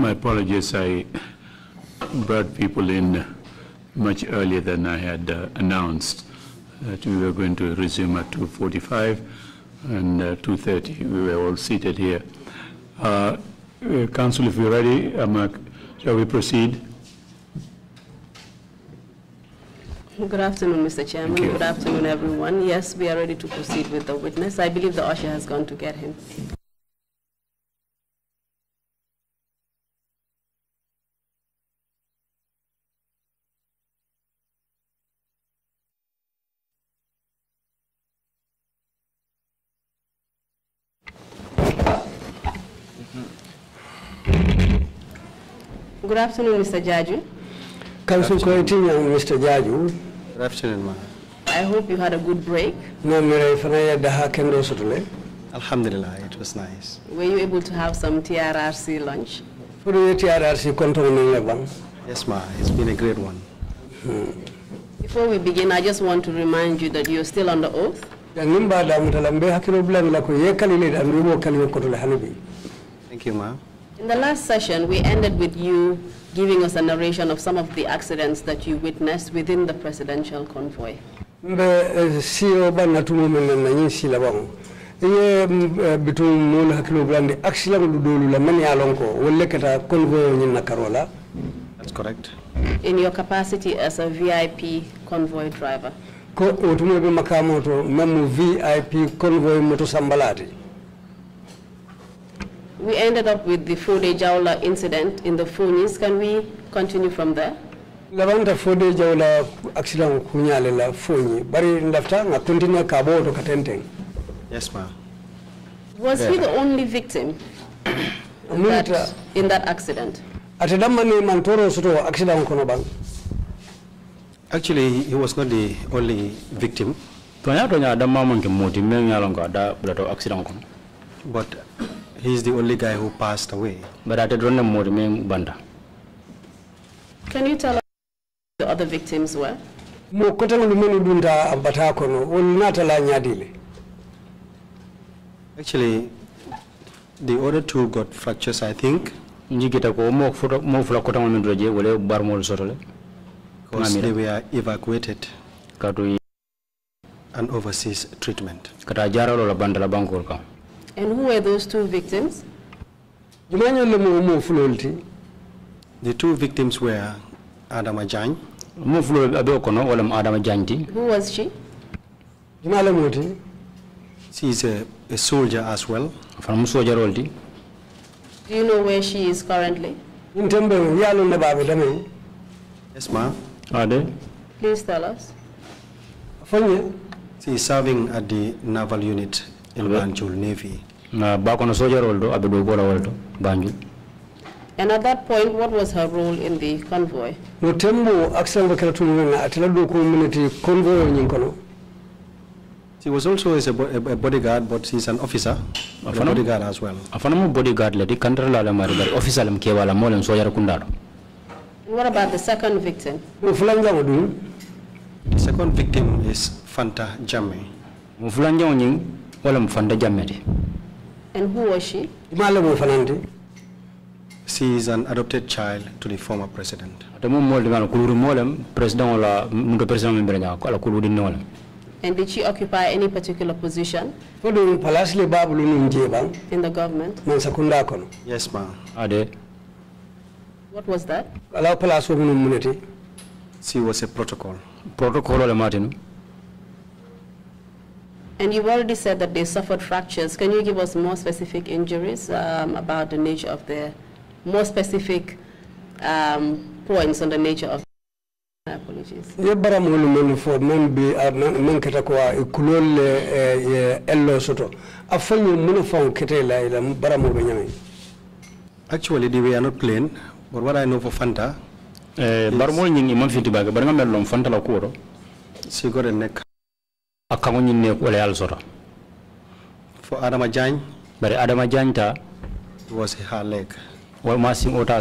My apologies, I brought people in much earlier than I had uh, announced that uh, we were going to resume at 2.45 and uh, 2.30. We were all seated here. Uh, uh Council, if you're ready, um, shall we proceed? Good afternoon, Mr. Chairman. Good afternoon, everyone. Yes, we are ready to proceed with the witness. I believe the usher has gone to get him. Good afternoon, Mr. Jaju. Council continue, Mr. Jaju. Good afternoon, ma'am. I hope you had a good break. No, Alhamdulillah, it was nice. Were you able to have some TRRC lunch? For the TRRC control Yes, ma'am. It's been a great one. Hmm. Before we begin, I just want to remind you that you're still under oath. Thank you, ma'am. In the last session, we ended with you giving us a narration of some of the accidents that you witnessed within the presidential convoy. mbe eh, sio bana tumo mena na nyinsi la ye bitu mon accident la mani alonko wolle kata convoy nyin na that's correct in your capacity as a vip convoy driver ko otumo be memu vip convoy moto sambalati we ended up with the four-day Jaula incident in the Funis. Can we continue from there? four-day Jaula accident kunyale la fonyi bari ndafta nga continue kabo to katenteng yes ma was yeah. he the only victim in, that, uh, in that accident mantoro accident kono bang actually he was not the only victim tonya tonya adamma mon ke moti accident kono but He's the only guy who passed away. But I don't know Banda. Can you tell us the other victims were? mo kotang lumenu dunda ambata kono on natala nyadile actually the other two got fractures i think njigita ko mo futa mo fula kotang lumenu doje wala bar mo sotole because they were evacuated kadu an overseas treatment kata jaralo la bandala bankor kam and who were those two victims? The two victims were Adama Jany. Who was she? She is a, a soldier as well. Do you know where she is currently? Yes, ma'am. Are they? Please tell us. She is serving at the naval unit Banjul Navy. Bakono soldier oldo abedo gora oldo Banjul. And at that point, what was her role in the convoy? No tembo aksel bakaratu na atilado ko military convoy ah. nyinkono. She was also a, a, bodyguard, but she's an officer, a bodyguard as well. Afanamu bodyguard lady, controller la marigari, officer la mkewa la mole msoja kundaro. What about the second victim? The second victim is Fanta Jame. Mufulanja onying wala mu fanda And who was she? She is an adopted child to the former president. And did she occupy any particular position? In the government? Yes, Ade. What was that? She was a protocol. Protocol or Martin? And you've already said that they suffered fractures. Can you give us more specific injuries um, about the nature of the, more specific um, points on the nature of apologies. Ye bara mulu mulu Actually they were not plain but what I know for Fanta eh bar mo nyingi man fiti baga bar nga mel Fanta la ko do sigore nek a kaŋo ñiŋ ne woleyaalu soto fo adama jañ bari adama ta wosi haa leek woma siŋ wo ta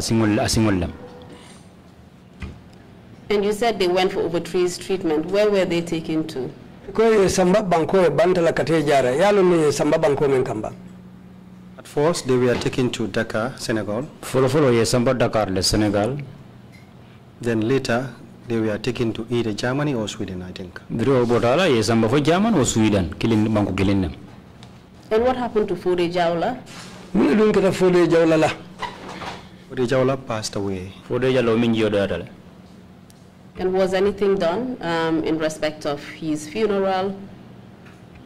And you said they went for overtrees treatment. Where were they taken to? Koye samba banko e bantala kate jara. Yalo ne samba banko men At first, they were taken to Dakar, Senegal. Follow follow ye samba Dakar le Senegal. Then later, they were taken to either Germany or Sweden, I think. Germany or Sweden, killing Banku killing And what happened to Fode Jaula? We don't get a Fode Jaula. Fode Jaula passed away. Fode Jaula mean your daughter. And was anything done um, in respect of his funeral?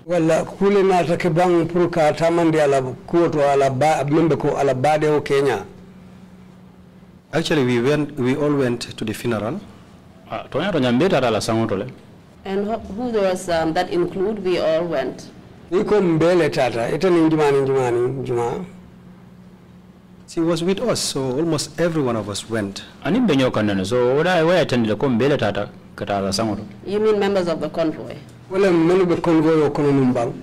Well, kule naatake ban puruka tamandi ala kuwo to ala ba membe ko ala baade kenya actually we went we all went to the funeral tonya tonya mbeta dala sango and who those um, that include we all went niko mbele tata ita ni njumani njumani juma She was with us, so almost every one of us went. Ani benyo kanene, so wada waya tendile ko mbele tata katala sango You mean members of the convoy? Wala melu be convoy okono numbang.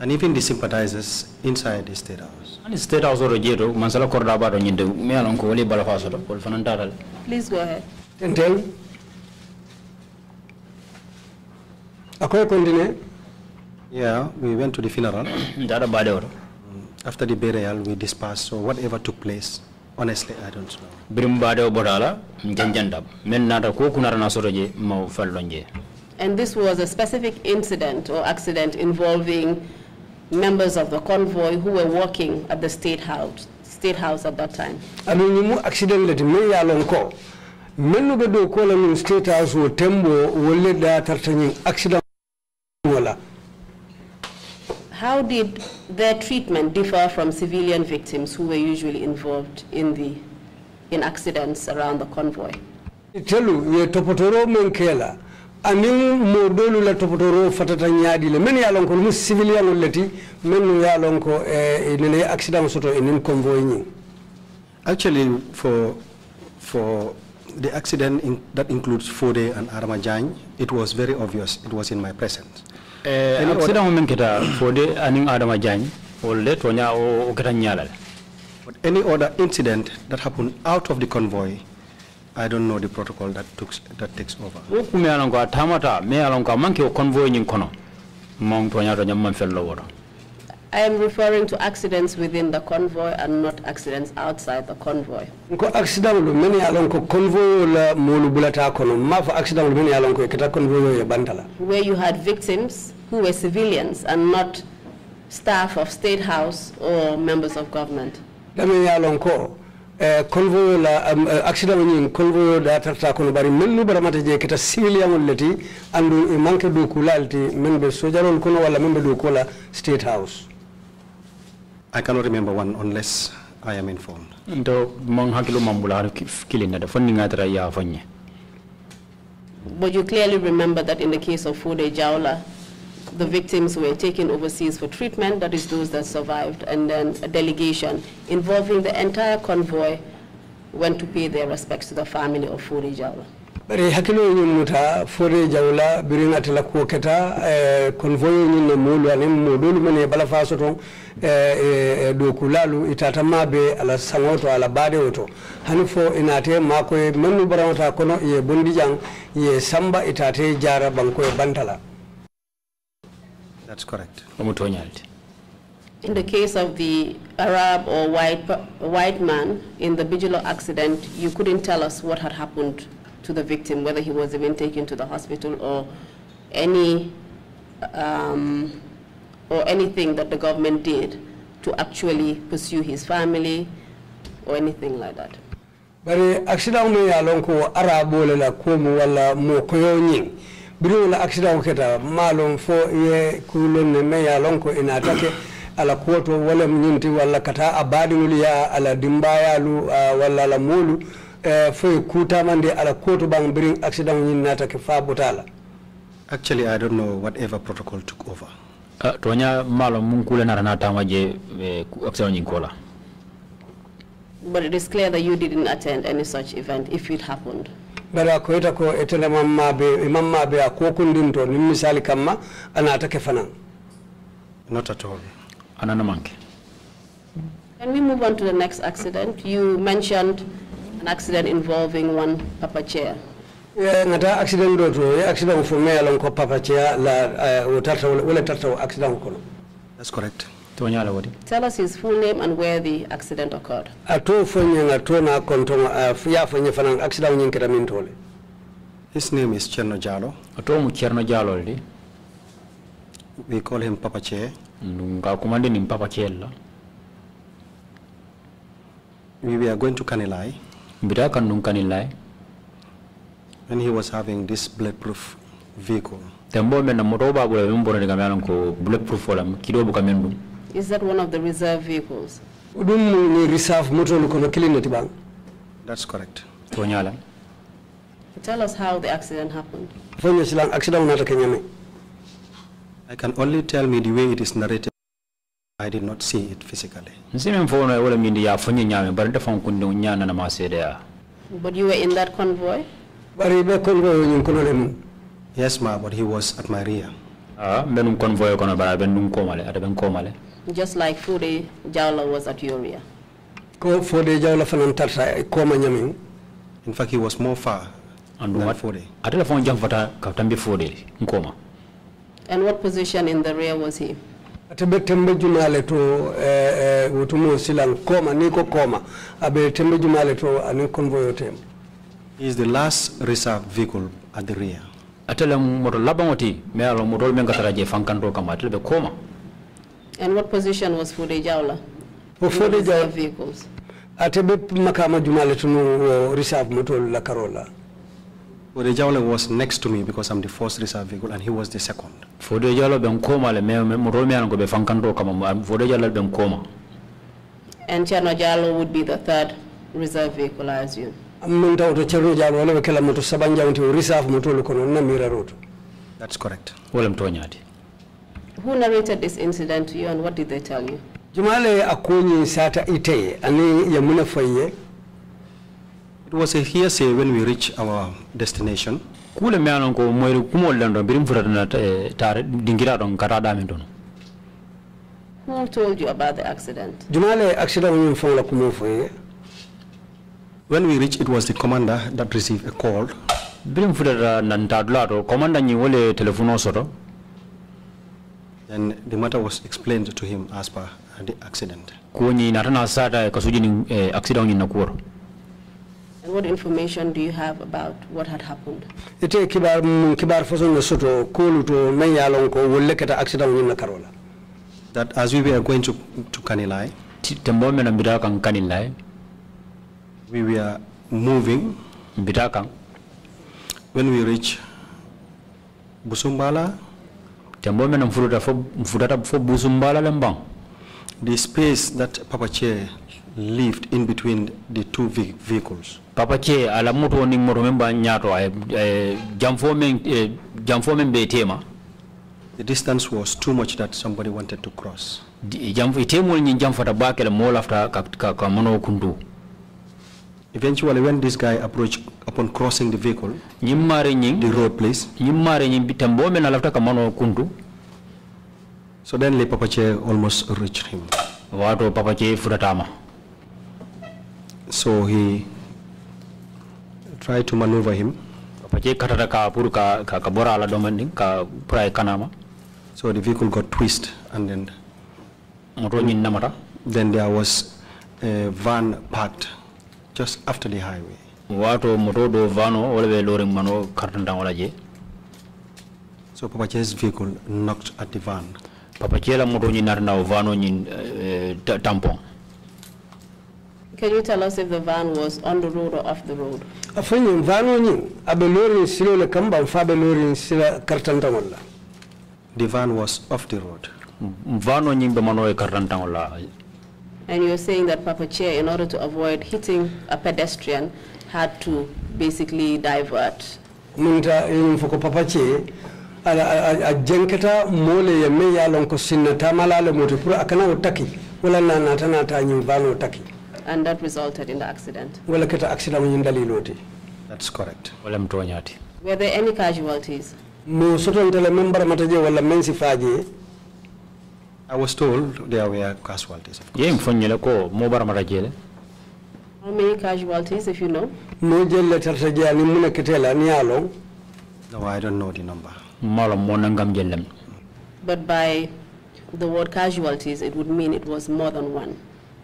And even the sympathizers inside the state house. And the state house oro jeto, mansala korda ba do nyinde, me alon ko wali bala faso do, wal fanan tata. Please go ahead tentel akoy continue yeah we went to the funeral ndara badoro mm, after the burial we dispersed so whatever took place honestly i don't know birum badeo borala janjandam men nata ko kunara nasoroje maw fallonje and this was a specific incident or accident involving members of the convoy who were working at the state house state house at that time anu mu accident le me yalon ko mennu be kola min state wo tembo wolle da tartani accident wala how did their treatment differ from civilian victims who were usually involved in the in accidents around the convoy Tellu ye topotoro men kela anin mo dolu la topotoro fatata nyaadi le men yalon ko mus civilian lati men yalon ko e nene accident soto enin convoy ni actually for for the accident in, that includes Fode and Aramajany, it was very obvious. It was in my presence. Eh, uh, accident women kita Fode and Aramajany, olde tonya o kita nyalal. But any other incident that happened out of the convoy, I don't know the protocol that took that takes over. O kumi alonga tamata me alonga manki o convoy nyinkono, mong tonya tonya manfello wora. I am referring to accidents within the convoy and not accidents outside the convoy. Ko accident meni alon ko convoy la bulata kono ma fa accident meni alon ko kita convoy bandala. Where you had victims who were civilians and not staff of state house or members of government. Dami alon ko eh, convoy la eh, accident ni convoy da tarta kono bari melu bara mata je kita civilian andu eh, manke do kulalti membe kono wala membe do state house. I cannot remember one unless I am informed. Ndo mong hakilu mambularu kilinda da fondi ngatara ya fonye. But you clearly remember that in the case of Fude Jaula, the victims were taken overseas for treatment, that is those that survived, and then a delegation involving the entire convoy went to pay their respects to the family of Fude Jaula. bari hakkilo ñin muta fode jawla biriŋatela kuwo keta eh, convoyo ñin ne moolu aniŋ moodolu mene bala faa sotoŋ Eh, eh, eh, ala ala inate barawata kono ye ye samba itate jara bantala that's correct omo In the case of the Arab or white, white man in the Bigelow accident, you couldn't tell us what had happened to the victim, whether he was even taken to the hospital or any um, or anything that the government did to actually pursue his family or anything like that. bari accident me ya lon ko arabo le la ko mu wala mo koyo nyi biri wala accident keta malon fo ye kulon ne me ya lon ko ina take ala kuwoto wala ñinti walla kata abadi baɗiŋolu ya ala dimbayalu uh, ah, walla eh, ala moolu uh, foye kutamande ala kuwoto ɓaŋ biriŋ accident ñin natake fa botala actually i don't know whatever protocol took over Ah, tonya malo munkule narana tama je eh, aksano nyinkola. But it is clear that you didn't attend any such event if it happened. bara ko ita ko ita mamma be mamma be a to nin misali kamma ana ta kefanan not at all ana na manke Can we move on to the next accident? You mentioned an accident involving one papa chair ngata accident do to accident me ko papa tia la eh, wala accident ko That's correct. wodi. Tell us his full name and where the accident occurred. Ato fo nyanga na konto ya fo nyefana accident nyinkira min tole. His name is Cherno Jalo. Ato mu Cherno Jalo We call him Papa Che. Nga kumande ni Papa Chella. We are going to Kanilai. Bida kan Kanilai. And he was having this bulletproof vehicle. Is that one of the reserve vehicles? That's correct. Tell us how the accident happened. I can only tell me the way it is narrated. I did not see it physically. But you were in that convoy? Yes, ma, but he was at my rear. Ah, menum convoy kono bara benum komale, ada ben komale. Just like Fude Jawla was at your rear. Ko Fude Jawla fanan tarta eh, koma nyamin. In fact, he was more far and than what Fude. la fon jang fata ka tambi Fude nkoma. And what position in the rear was he? ateɓe tembe jumale to eh, eh, wotumo silan koma ni ko koma aɓe tembe jumale to anin convoyotem is the last reserve vehicle at the rear. Atele moto labango ti me alo moto menga taraje fankanto kama atele be koma. And what position was Fude Jaula? Well, oh, Fude Jaula vehicles. Atebe makama jumale tunu uh, reserve moto la Carola. Fude was next to me because I'm the first reserve vehicle and he was the second. Fude Jaula ben koma le me moto me alo be fankanto kama um, Fude Jaula koma. And Chano Jalo would be the third reserve vehicle, I assume min tawto ceerno diallo wala ɓe moto saban roto that's correct who narrated this incident to you and what did they tell you jumale a sata iteye ani faye it was a hearsay when we reached our destination eh, tare dingira who told you about the accident jumale accident min fawla kumo foye when we reached, it was the commander that received a call. Birim fudara nantadlato commander ni wole telefono soto. Then the matter was explained to him as per the accident. Kuni natana sada kasuji ni eh, accident ni nakuoro. And what information do you have about what had happened? Ite kibar mm, kibar fason soto kulu to menyalon ko wolle kata accident ni nakarola. That as we were going to to Kanilai. Tembo mena mbira kan Kanilai we were moving Bitakang. When we reached Busumbala, Tembome na mfutata fo fo Busumbala lembang. The space that Papa Che lived in between the two vehicles. Papa Che ala moto ni moto memba nyato eh, eh, jamfo men eh, jamfo men The distance was too much that somebody wanted to cross. Jamfo ni jamfo ka ka mono kundu. Eventually, when this guy approached upon crossing the vehicle, the road place, so then Le Papache almost reached him. So he tried to maneuver him. So the vehicle got twisted and then. Then there was a van parked just after the highway. Wato moto do vano wala be lorry mano kartanda wala je. So Papa Chela's vehicle knocked at the van. Papa Chela moto ni narna vano ni eh, tampon. Can you tell us if the van was on the road or off the road? Afanyi vano ni abe lorry silo le kamba ufabe lorry sila kartanda wala. The van was off the road. Vano ni be mano e kartanda wala. And you are saying that Papa Chair, in order to avoid hitting a pedestrian, had to basically divert. Munta in foko Papa Chair, a jenkata mole ya me lonko sinna tamala le moto akana otaki wala na nata nata nyumbano otaki. And that resulted in the accident. Wala keta accident nyindali loti. That's correct. Wala mtuanyati. Were there any casualties? No, soto ntele member mataje wala mensi faje. I was told there were casualties. Ye mfanyele ko mo baramara jele. How many casualties if you know? No jele tartajia ni mune kitela ni alo. No, I don't know the number. Mala mo jele. But by the word casualties, it would mean it was more than one.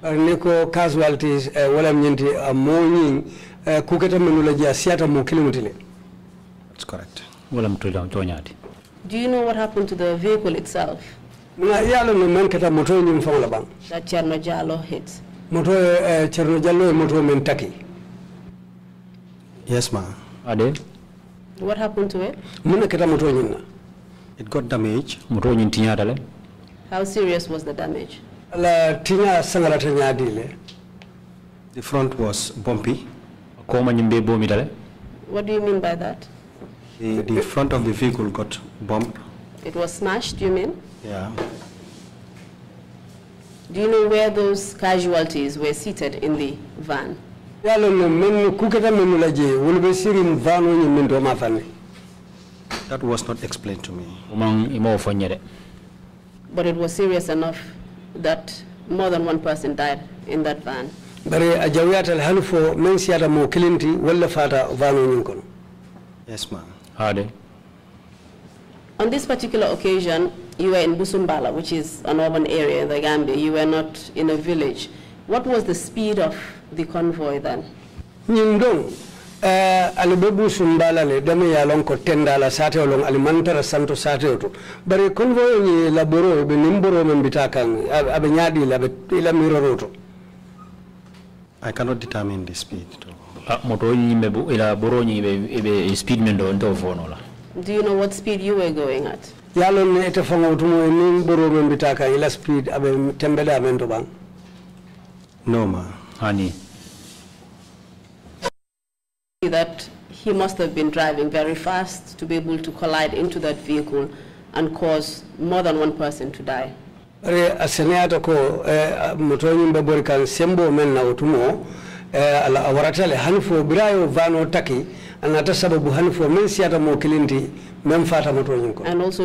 Niko casualties eh, wala mnyenti amoni eh, eh, kuketa menula jia siata mo mutile. That's correct. Wala mtula mtonyati. Do you know what happened to the vehicle itself? Mna yalo no men kata moto ni mfang la bang. Da Cherno Jalo hit. Moto eh, Cherno Jalo moto men taki. Yes ma. Ade. What happened to it? Muna kata moto ni na. It got damaged. Moto ni tinya dale. How serious was the damage? La tinya sangala tinya dile. The front was bumpy. Koma nyimbe bomi dale. What do you mean by that? The, the front of the vehicle got bumped. It was smashed, you mean? Yeah. Do you know where those casualties were seated in the van? That was not explained to me. But it was serious enough that more than one person died in that van. yes ma'am. On this particular occasion, you were in Busumbala, which is an urban area in the Gambia. You were not in a village. What was the speed of the convoy then? Nyindong, eh, alibebu Busumbala le dame ya long tenda la sate olong alimantara santo sate oto. Bari convoy ni laboro be nimboro membitakan abe nyadi la be ila miroroto. I cannot determine the speed. Ah, moto yimbe ila boro yimbe speed mendo ndo fonola. Do you know what speed you were going at? Yalo ni ete fonga utumo ni mboro mbita ila speed abe tembele amendo bang. No ma, honey. That he must have been driving very fast to be able to collide into that vehicle and cause more than one person to die. Re aseneyata ko eh, moto nyimbe bori kan sembo men na utumo eh, ala awaratale hanfo birayo vano taki and also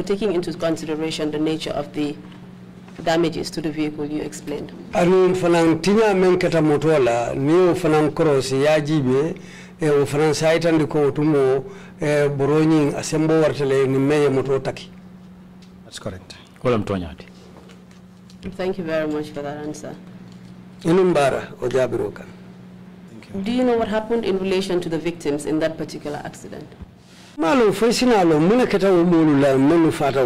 taking into consideration the nature of the damages to the vehicle you explained ani tiña men keta ni tumo e ni that's correct thank you very much for that answer do you know what happened in relation to the victims in that particular accident? malo lo la fata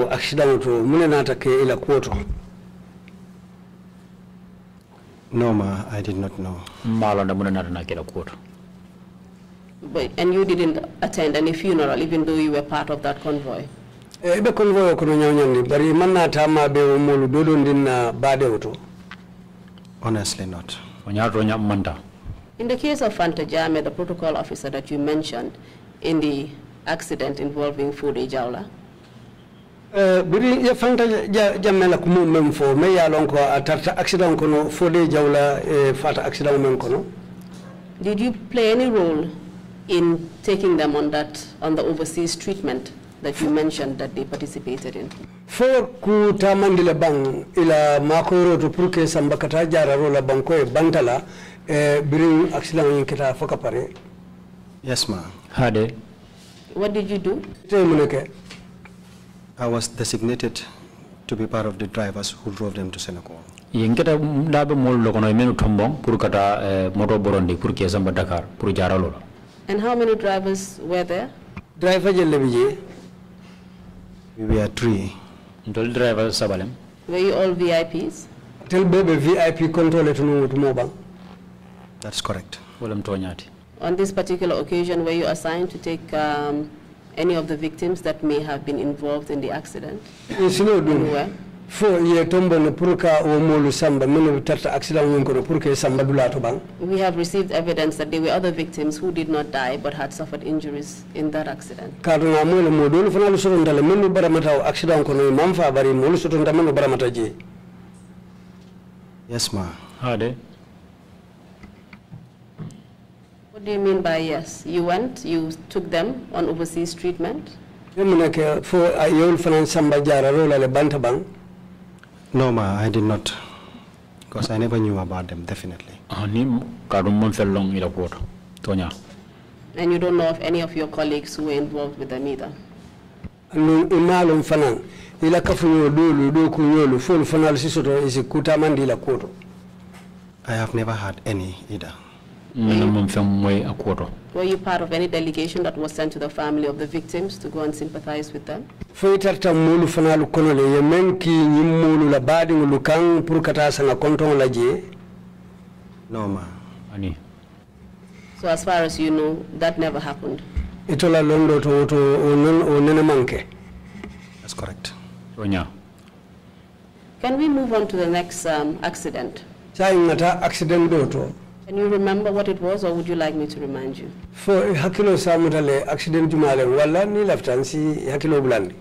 nata ke ila kuoto no ma i did not know malo nata na ke ila kuoto but and you didn't attend any funeral even though you were part of that convoy ebe eh, convoy nyawnyandi bari be bade honestly not in the case of Fanta Jame, the protocol officer that you mentioned in the accident involving Fude Jaula, uh, biri ya fanta jamme la kumu men fo me ya lon ko atarta accident kono fode jawla e eh, fata accident men kono did you play any role in taking them on that on the overseas treatment that you mentioned that they participated in For ku tamandile bang ila makoro to pour que sambakata jararo la banko e bantala Eh, bring accident kita foka pare. Yes, ma'am. Hade. What did you do? I was designated to be part of the drivers who drove them to Senegal. Yengketa dabe mol lokono imenu tombong pur kata eh, motor borondi pur kiasam badakar pur jaralolo. And how many drivers were there? Driver jelle je. We were three. Ndol drivers sabalem. Were you all VIPs? Tel bebe VIP control etu numu tumobang. That's correct. On this particular occasion, were you assigned to take um, any of the victims that may have been involved in the accident? Yes, no, no. fo ye tombo no pour o molu samba min tarta accident won kono pour ke samba dula bang we have received evidence that there were other victims who did not die but had suffered injuries in that accident Karuna na molu modol fana lu soto ndale min baramata accident kono imamfa fa bari molu soto ndale min baramata je yes ma hade What do you mean by yes? You went, you took them on overseas treatment? Uh, no, ma, I did not. Because I never knew about them, definitely. Ah, and you don't know of any of your colleagues who were involved with them either? i have never had any either were you part of any delegation that was sent to the family of the victims to go and sympathize with them? Foyitarta mulu fana lukono le yemenki nyimmulu la badi ngulukan pour kata sanga konton laje. No ma. Ani. So as far as you know, that never happened. Itola londo to to onen manke. That's correct. Ronya. Can we move on to the next um, accident? Sa ingata accident do to. Can you remember what it was or would you like me to remind you? Fo hakilo samutale accident jumale wala ni laftansi hakilo bulandi.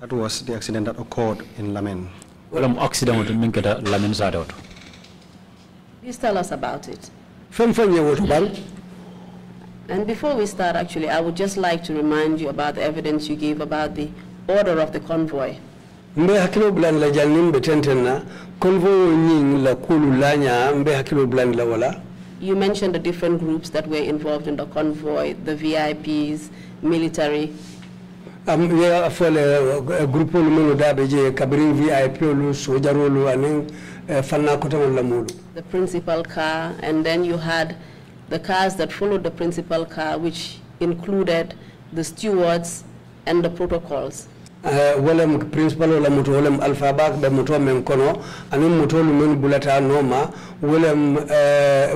That was the accident that occurred in Lamen. Walam accident minkeda Lamen zadot. Please tell us about it. From Femfanye wotu bank. And before we start actually, I would just like to remind you about the evidence you gave about the order of the convoy mbe hakilo la nying la kulu lanya mbe hakilo la wala you mentioned the different groups that were involved in the convoy the VIPs military am ya fole eh, groupe lu mulu dabe je kabri VIP lu sojaro lu anen eh, fanna ko tamon la mulu the principal car and then you had the cars that followed the principal car which included the stewards and the protocols wolem principal wala muto wolem alpha bak ɓe muto men kono anin mutolu men bulata noma wolem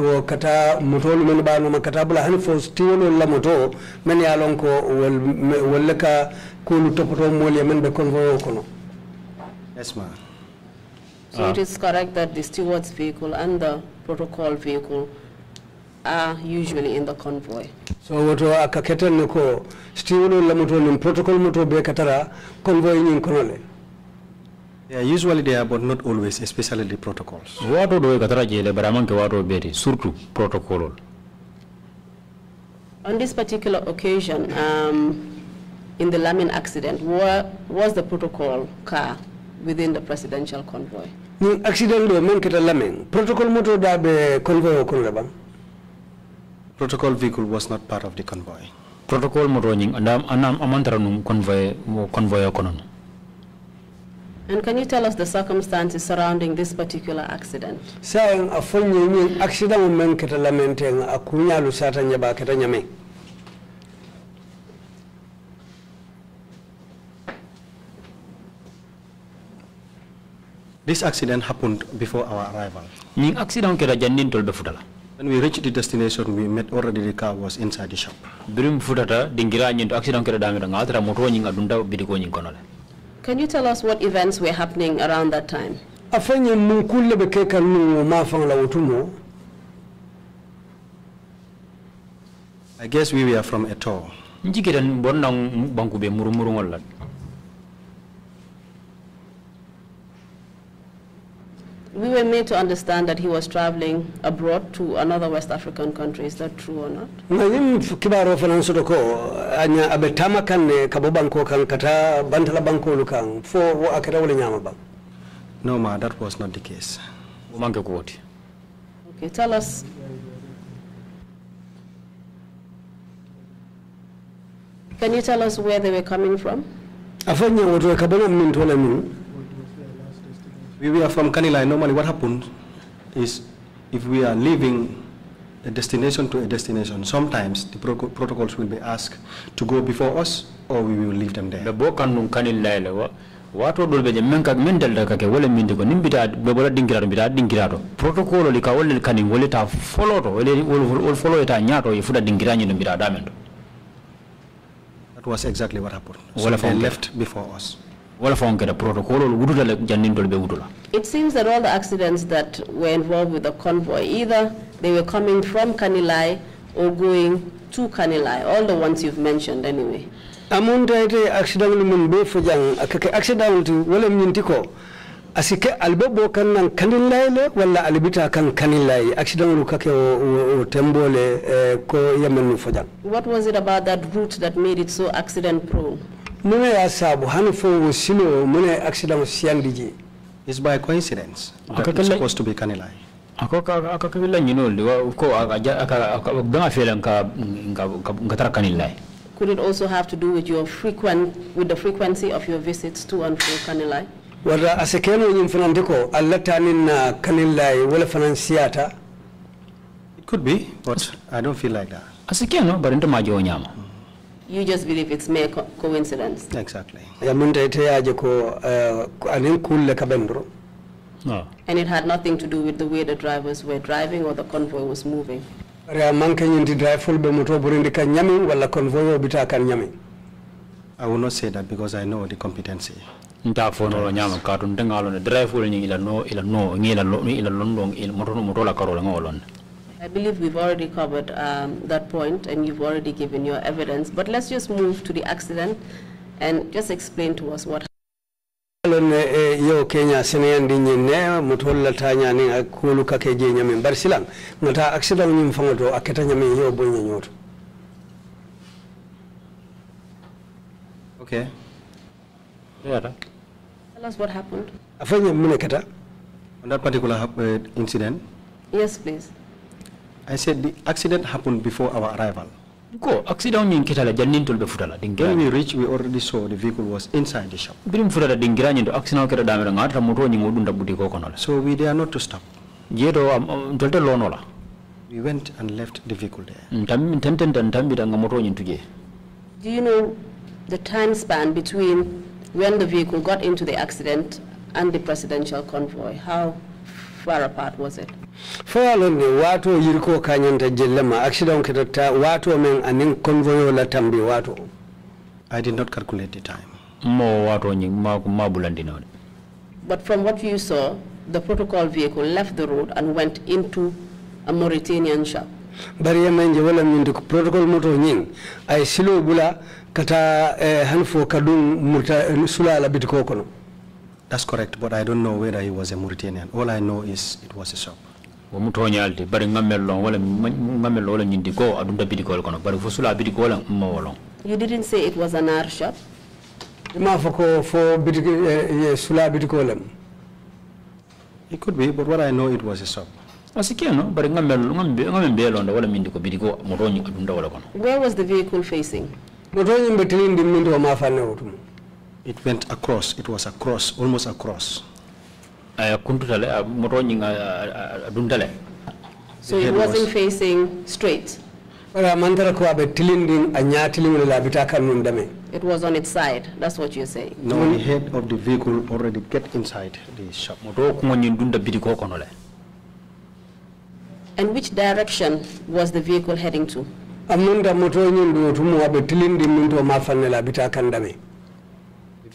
wo kata mutolu men ɓanoma kata bula hani fo tiwolol la muto men ya lon ko wolle ka kolu topoto moolu ye men ɓe convoyo kono yes ma so it is correct that the stewards vehicle and the protocol vehicle are usually in the convoy. So what woto akaketen ne ko stiwlo lamoto nim protocol moto be katara convoy nyin konole. Yeah, usually they are, but not always, especially the protocols. What do we katara jele baramanke wato beti, surtout protocol. On this particular occasion, um, in the Lamin accident, what was the protocol car within the presidential convoy? Ni accident do men kata Lamin, protocol moto da be convoy okunle bang? Protocol vehicle was not part of the convoy. Protocol mo roning, anam anam amantaranum convoy mo convoy konon. And can you tell us the circumstances surrounding this particular accident? Saying a funny accident men ketalamenting a kunya lusata nyaba ketanyame. This accident happened before our arrival. Ning accident kera jandin tol befutala. When we reached the destination, we met already the car was inside the shop. Birim futata dingira nyinto accident kera damira ngatara moto nyinga dunda bidiko nyinkonole. Can you tell us what events were happening around that time? Afanye mukulle beke kanu mafang la utumo. I guess we were from Eto. Njikiran we were made to understand that he was traveling abroad to another West African country. Is that true or not? kibaro anya abetama kabo banko kata bantala banko lukang fo nyama bang. No ma, that was not the case. Umange kuwati. Okay, tell us. Can you tell us where they were coming from? Afanya wotoe kabona mintole minu. We are from Kanila, normally what happens is if we are leaving a destination to a destination, sometimes the pro protocols will be asked to go before us or we will leave them there. What would be the ka mental dal ka ke ko nimbita be bola dingirato bita dingirato protocol li ka wala kan wala ta follow to wala wala follow ta nyato e fuda dingiranyi no bita damendo that was exactly what happened so wala they left before us it seems that all the accidents that were involved with the convoy, either they were coming from Kanilai or going to Kanilai, all the ones you've mentioned anyway. Amun dai accident mun be fujan akake accident wala mun tiko asike albobo kan nan kanin layle wala albita kan kanin layi accident ru kake o tembole eh, ko yamen fujan what was it about that route that made it so accident prone Nume ya sabu mune accident It's by coincidence. it's supposed to be kanilai. kanilai Could it also have to do with your frequent, with the frequency of your visits to and from Kanilai? Wada asekeno nyim fanandiko na Kanilai wala fanansiata. It could be, but I don't feel like that. Asekeno barento majo nyama you just believe it's mere co coincidence. Exactly. No. And it had nothing to do with the way the drivers were driving or the convoy was moving. I will not say that because I know the competency. Yes. I believe we've already covered um, that point and you've already given your evidence, but let's just move to the accident and just explain to us what happened. Eh, eh, yo kenya seneyan di nyinne mutolla tanya ni kulu kake je nyame bar silang ngata accident nyim fangoto aketa nyame yo bonye nyoto okay yeah tell us what happened afanya mune kata on that particular eh, incident yes please I said the accident happened before our arrival. Go accident nyin kitala janin tol be futala dingira. When we reached, we already saw the vehicle was inside the shop. Birim futala dingira nyin to accident kera damera ngatra moto nyin odunda budi ko konola. So we dare not to stop. Yedo tolte lonola. We went and left the vehicle there. Tam tenten tan tam bidanga moto nyin tuje. Do you know the time span between when the vehicle got into the accident and the presidential convoy? How far apart was it? accident men i did not calculate the time mo wato nyi ma ma but from what you saw the protocol vehicle left the road and went into a mauritanian shop bari yemen protocol motor nyin I silo bula kata eh, handful kadung kadum eh, sulala bitko that's correct, but I don't know whether he was a Mauritanian. All I know is it was a shop. you didn't say it was an art shop eh, eh, it could be but what i know it was a shop where was the vehicle facing it went across. It was across, almost across. So it wasn't was. facing straight. It was on its side. That's what you're saying. No, the head of the vehicle already get inside the shop. And which direction was the vehicle heading to?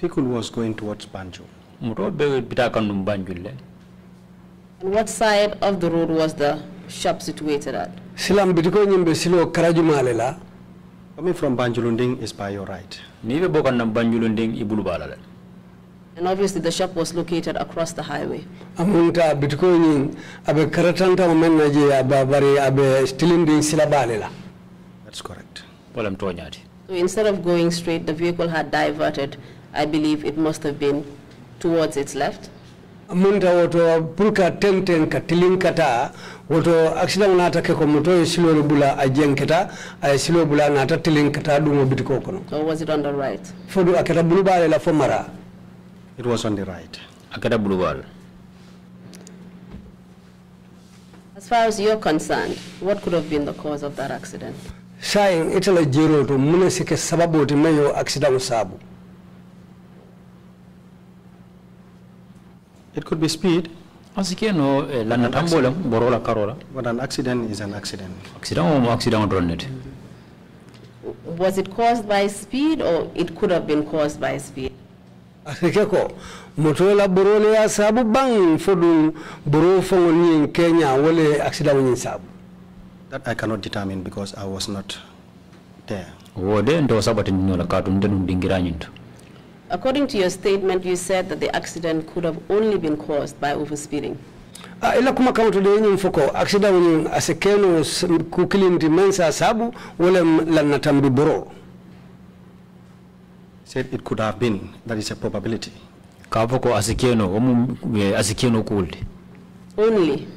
Fikul was going towards Banjul. And what side of the road was the shop situated at? Silam bitiko nyimbe silo Coming from Banjulunding is by your right. Niwe And obviously the shop was located across the highway. Amunta bitiko nying abe karatanta umenna ababari abe stilinding silabale That's correct. So instead of going straight, the vehicle had diverted I believe it must have been towards its left. munta woto pour ten ten katiling ka woto accident nata ke ko moto bula a jenketa ay silo bula nata tiling ɗum o biti ko kono Or was it on the right fodu akera bulubale la fomara. it was on the right Akera bulubale as far as you're concerned what could have been the cause of that accident sayin itala jero to mune sike sababu timayo mayo accident sabu It could be speed. Asikeno eh, lana tambola borola karola. But an accident is an accident. Accident or accident dronet. Was it caused by speed or it could have been caused by speed? Asikeko motola borole ya sabu bang fodu boro fongo ni Kenya wole accident ni sabu. That I cannot determine because I was not there. Wode ndo sabati nyola kadu ndo ndingira nyinto. According to your statement, you said that the accident could have only been caused by overspeeding. Ah, ila kuma kama tuliyenye mfuko aksida wenye asekeno kukili mti mensa asabu wale lanatambi buro said it could have been that is a probability kafoko asekeno omu eh, asekeno kulde only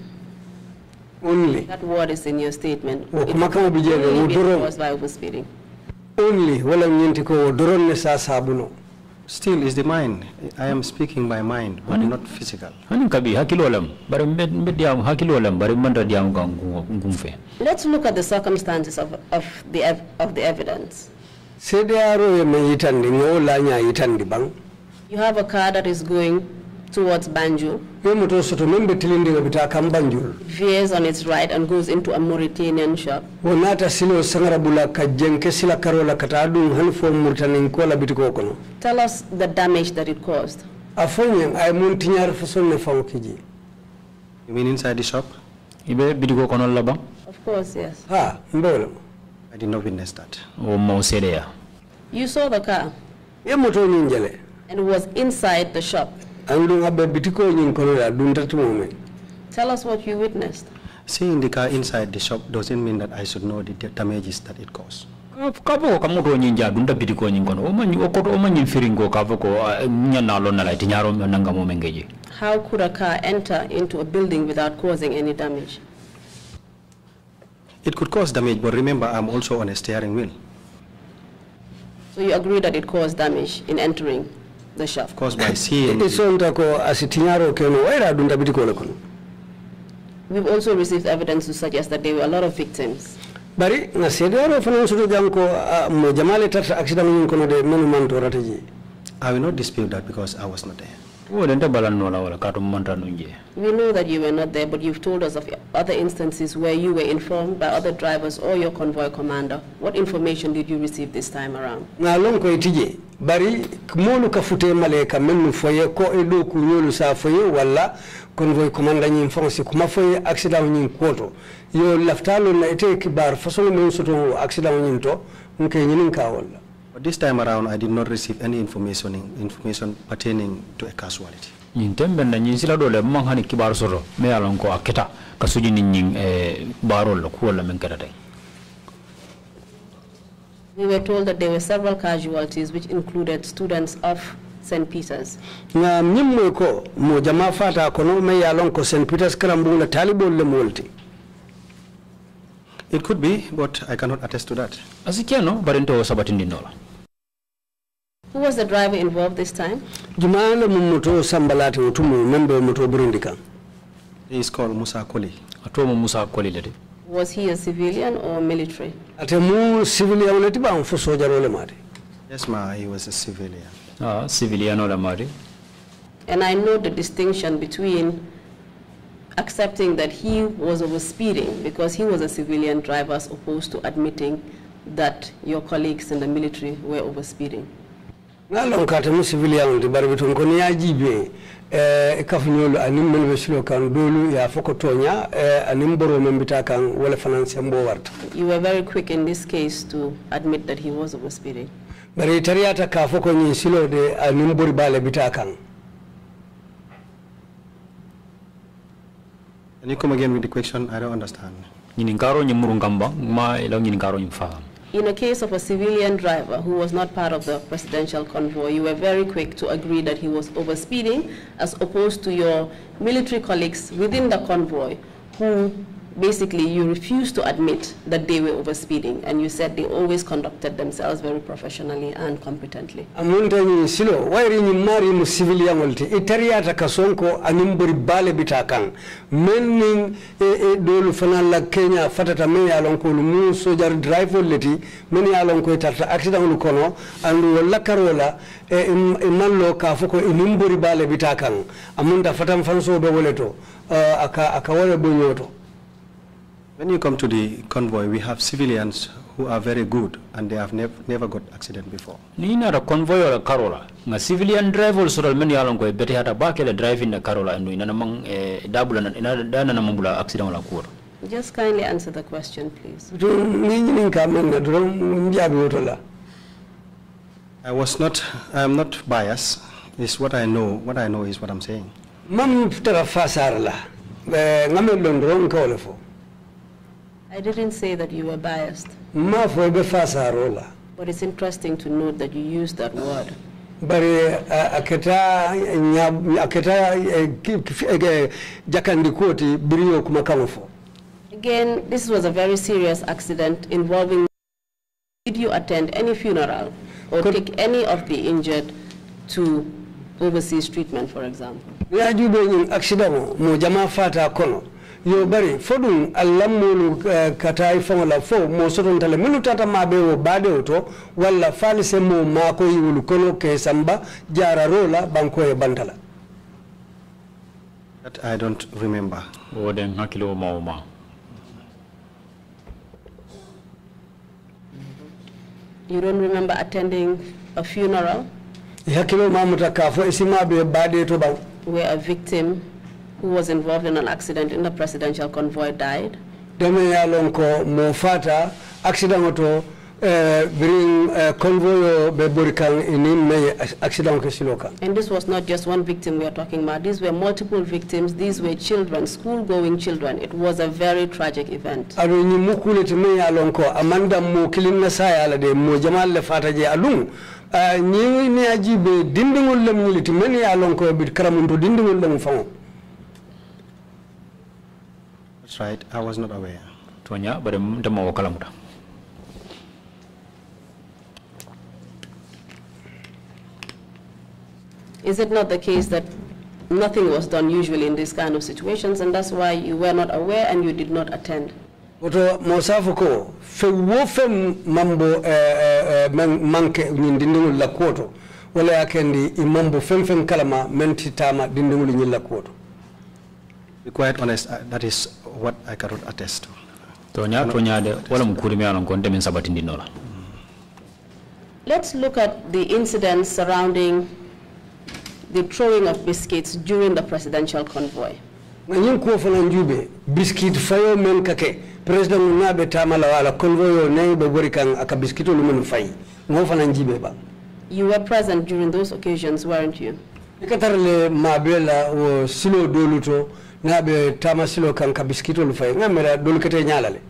only that word is in your statement oh, kuma kama bijele wuduro only wala nyinti ko wuduron ne sa Only still is the mind. I am speaking by mind, but Ani, not physical. Aning kabi hakilolam, bari mediam hakilolam, bari mandra diam gumfe. Let's look at the circumstances of, of the of the evidence. bang? You have a car that is going towards Banjul. Veers on its right and goes into a Mauritanian shop. Tell us the damage that it caused. You mean inside the shop? Of course, yes. Ha, I did not witness that. You saw the car. And was inside the shop. Tell us what you witnessed. Seeing the car inside the shop doesn't mean that I should know the damages that it caused. bitiko ah, how could a car enter into a building without causing any damage it could cause damage but remember i'm also on a steering wheel so you agree that it caused damage in entering the shaft caused by asitiñaro keno we've also received evidence to suggest that there were a lot of victims bari na seedaro fanan suto jam mo jamale tarta accident ñin kono de menu man torata i will not dispute that because i was not there We know that you were not there, but you've told us of other instances where you were informed by other drivers or your convoy commander. What information did you receive this time around? na Ngalon ko itije bari molu fute maleka menu foye ko ku kunyolu sa foye wala convoy commander nyin fonsi kuma foye accident ni koto yo laftalo na ite kibar fasolo mo soto accident ni to nke nyinin ka wala But this time around, I did not receive any information information pertaining to a casualty. ñin temben na ñin sila dole man hani kibar soto me ya lon ko aketa ka suji ni ñin eh, barol la kuwol la men We were told that there were several casualties which included students of St. Peter's. Na ñimmo ko mo jama fata kono me ya lon ko St. Peter's karambula talibol le multi?" It could be, but I cannot attest to that. Asikiano, barento sabatindi nola. Who was the driver involved this time? Jumaala mumoto sambalati utumu membe moto He is called Musa Koli. Atomo Musa Koli lady. Was he a civilian or military? Atemu civilian lede ba soldier Yes ma, he was a civilian. Ah, civilian ole And I know the distinction between accepting that he was overspeeding because he was a civilian driver as opposed to admitting that your colleagues in the military were overspeeding kata mu civilian ko e kaf anim be silo kan dolu ya foko e eh, anim boro bita kan wala finance mbo warta you were very quick in this case to admit that he was of a spirit bari tariyata ka foko nyi silo de anim bori bale bita kan and you come again with the question i don't understand nyini ngaro nyimurungamba ma ilo nyini ngaro nyimfaham in a case of a civilian driver who was not part of the presidential convoy, you were very quick to agree that he was overspeeding as opposed to your military colleagues within the convoy who basically you refused to admit that they were overspeeding and you said they always conducted themselves very professionally and competently amunta silo wairi ni mari mu civilian wolti itaria ta kasonko animburi buri bale bitakan menning e dolu fana la kenya fatata men ya lon mu sojar drive leti men ya lon ko tarta accident kono andu lakarola karola e mallo ka fuko inin buri bale bitakan amunda fatan fanso be woleto aka aka wala bonyoto when you come to the convoy, we have civilians who are very good and they have nev never got accident before. Ni a convoy convoy a carola. A civilian driver soral men yalon ko beti hata ba kele driving na karola ndu ina mang eh, dabula na ina in na mambula accident wala kuwa. Just kindly answer the question, please. I was not I am not biased. It's what I know. What I know is what I'm saying. Mam tara fasarla. Eh, Ngamel ndrom I didn't say that you were biased. But it's interesting to note that you used that word. bari eh, aketa aketa eh, eh, jakandikoti biriyo kumakamufo again this was a very serious accident involving did you attend any funeral or Could take any of the injured to overseas treatment for example accident mo jama fata kono yo bari uh, fo mo minu tata mabe wo bade falise mo mako kono ke samba jara rola banko e bantala that i don't remember hakilo you don't remember attending a funeral hakilo mamuta ka fo bade to a victim who was involved in an accident in the presidential convoy died. Deme ya lonko mofata accident oto eh, bring eh, convoy be borikan inin me accident ke siloka. And this was not just one victim we are talking about. These were multiple victims. These were children, school-going children. It was a very tragic event. Aru ni mukule teme ya amanda mu kilinga saya ala de mo jamal le fata je alung. Eh, ni ni ajibe dindingul le muliti meni ya lonko bit karamunto dindingul le mufango. That's right. I was not aware. Tuanya, but demo kalamuta. Is it not the case that nothing was done usually in these kind of situations, and that's why you were not aware and you did not attend? woto mosafuko ko fe wo mambo eh, eh, eh, manke ñin dindiŋol lakkuwo to walla ya kendi i mambo feŋ kalama meŋ ti taama dindiŋolu ñiŋ be quite honest, uh, that is what I cannot attest to. Tonya tonya nola. Mm. Let's look at the incidents surrounding the throwing of biscuits during the presidential convoy. biscuit fayo men kake president tamala wala ba. You were present during those occasions, weren't you? Ikatarle mabela o silo doluto tamasilo kan ka fay ngamera nyalale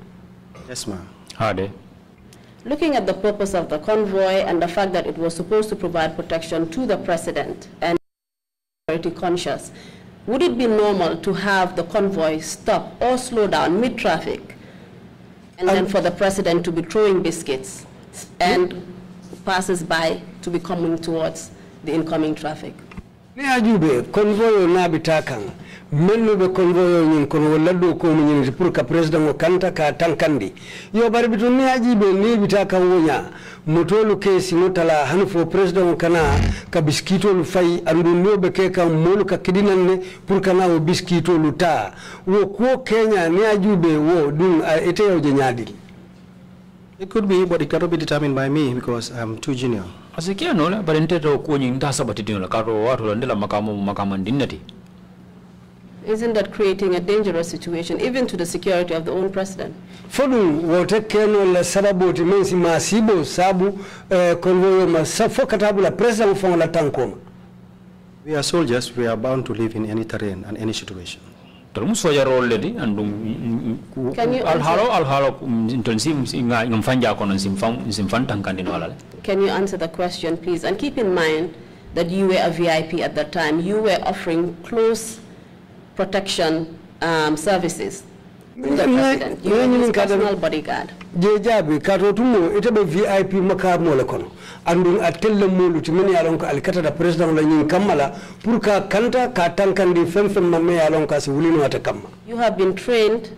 yes ma hade Looking at the purpose of the convoy and the fact that it was supposed to provide protection to the president and security conscious, would it be normal to have the convoy stop or slow down mid-traffic and um, then for the president to be throwing biscuits and passes by to be coming towards the incoming traffic? convoy mennu be kongoyo ñin kono walla do ko pour que président o kanta ka tankandi yo bari bitu ni aji be ni bita ka wonya motolu kesi no tala hanu fo président o kana ka biskitolu fay andu no ke ka molu ka kidinan ne pour kana o biskitolu ta wo ko kenya ni haji be wo ɗum ete yo je it could be but it cannot be determined by me because i'm too junior asikia nola bari nteto ko nyin sabatidino la karo watu la ndela makamo makamandinati Isn't that creating a dangerous situation, even to the security of the own president? Fodu wote keno la sababu timensi masibo sabu eh, konvoyo masafo katabu la president mfongo la tankoma. We are soldiers, we are bound to live in any terrain and any situation. Tolmu soja role di andum alhalo alhalo Can you answer the question please and keep in mind that you were a VIP at that time you were offering close protection um, services. the president, you bodyguard. vip you have been trained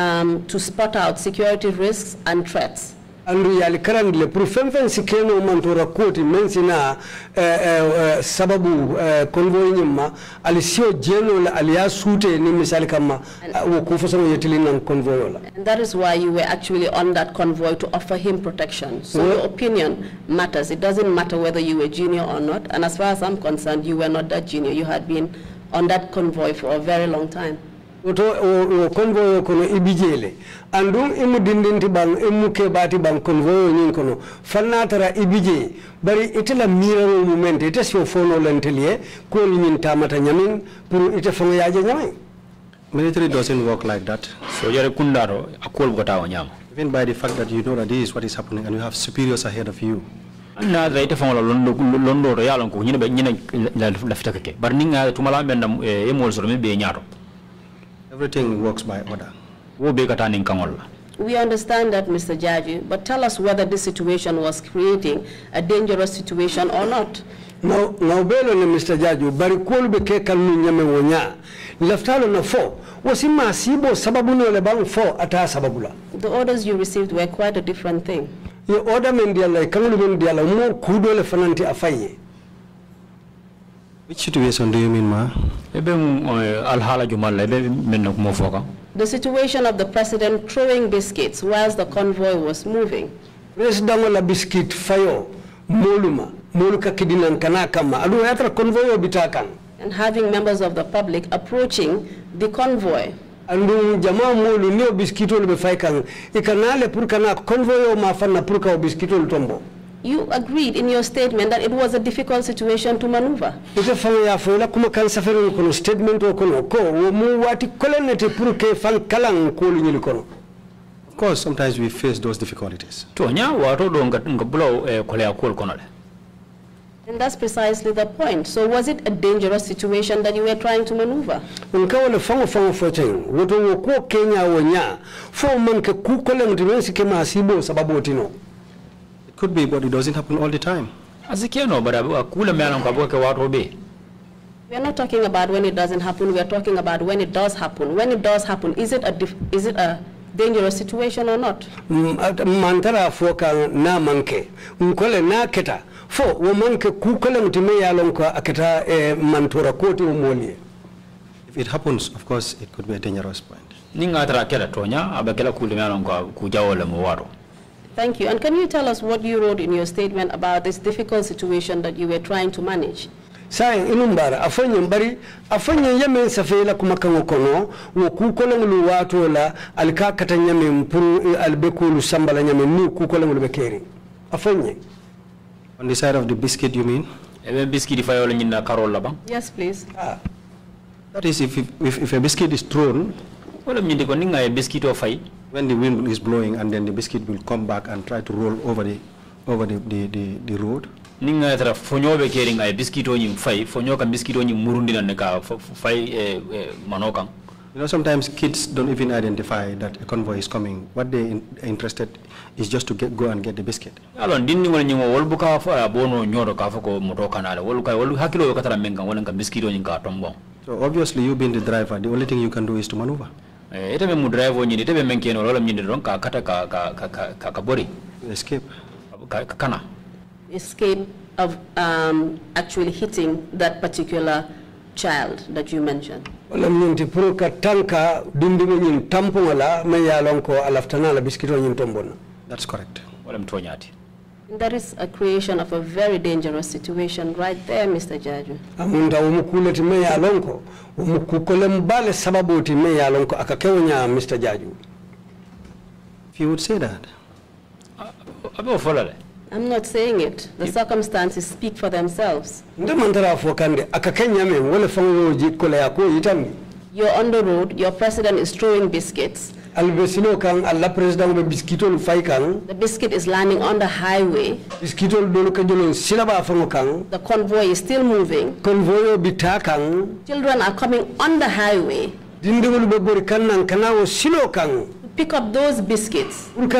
um, to spot out security risks and threats andu yali karandile pour fen fen si keno mantora koti men sina eh, eh, eh sababu eh, konvoy nyimma ali sio jeno la aliya sute ni misali kama eh, wo ko fo sama yetili nan convoy la and that is why you were actually on that convoy to offer him protection so yeah. Mm-hmm. your opinion matters it doesn't matter whether you were junior or not and as far as i'm concerned you were not that junior you had been on that convoy for a very long time oto o convoyo kono e bijeele an ɗum emo dindinti ɓan emmu keɓati ɓan convoyo nyin kono fannatara e bijee bari itela mirano momente ite sio fono lentelier kolu nyin tamata nyamin pour ite fono yaje ñamay military doesn't work like that so yare kundaro akol gota o ñama even by the fact that you know that this is what is happening and you have superiors ahead of you na naata ite faŋo la londoto ko nyine be nyine la fitaka ke bar ninga tumala men eh, e moolu me be ñaato Everything works by order. We understand that, Mr. Jaji, but tell us whether this situation was creating a dangerous situation or not. No, no, belo ni Mr. Jaju, bari beke kanu nyame wonya. Laftalo na fo, wasima sibo sababu ni four fo ata sababula. The orders you received were quite a different thing. Your order mendiala, kangulu mendiala, umu kudo le fananti afaye. Which situation do you mean, ma? Mm, eh, the situation of the president throwing biscuits whilst the convoy was moving. President la biscuit fayo moluma moluka kidinan kanakama adu yatra convoy bitakan. And having members of the public approaching the convoy. Andu jamaa molu nio biscuito lubefaikan ikanale purkana convoy o mafana purka o biscuito you agreed in your statement that it was a difficult situation to maneuver. statement Of course sometimes we face those difficulties. Eh, and that's precisely the point. So was it a dangerous situation that you were trying to maneuver? Could be, but it doesn't happen all the time. but We are not talking about when it doesn't happen. We are talking about when it does happen. When it does happen, is it a is it a dangerous situation or not? Mm, mantara foka na manke. na keta. Fo kukole mtime aketa eh, umoni. If it happens, of course, it could be a dangerous point. Ninga tara tonya abakela kule le muwaro. Thank you. And can you tell us what you wrote in your statement about this difficult situation that you were trying to manage? sayin inumbara afanye bari afanye yame safela kuma kan kono wo ku kolon lu wato la alka katan yamin puru albe ko sambala yamin nu ku kolon lu bekeri afanyin on the side of the biscuit you mean ebe biscuit fa yolo nyina karol la bang yes please ah that is if if, if a biscuit is thrown wala nyindi ko ninga biscuit o fay when the wind is blowing and then the biscuit will come back and try to roll over the, over the, the, the, the road. ninga tara fonyo be kering ay biskito nyim fay fonyo kan biskito nyim murundi nan ka fay eh, eh, manokan you know sometimes kids don't even identify that a convoy is coming what they are interested is just to get go and get the biscuit alon din ngol nyimo wol buka fa eh, bono nyoro ka fako moto kanala wol kay wol hakilo yo katara mengan wol kan biskito nyim ka tombon so obviously you being the driver the only thing you can do is to maneuver Eh, ite be mu drive o ñindi ite be menke keno lolam ñindi don ka kata ka ka ka ka, bori escape ka, kana escape of um, actually hitting that particular child that you mentioned olam ñinti pour ka tanka dumbi be ñin tampo wala me yalon ko alaftana la biskito ñin tombon that's correct walam toñati That is a creation of a very dangerous situation right there, Mr. Jaju. Amunda umukule time ya lonko, umukukole mbale sababu time ya lonko akakewnya Mr. Jaju. If you would say that. Uh, I'm not saying it. The yep. circumstances speak for themselves. You're on the road, your president is throwing biscuits albesino kan president be kan the biscuit is landing on the highway silaba kan the convoy is still moving convoy bita kan children are coming on the highway kan silo kan pick up those biscuits. And you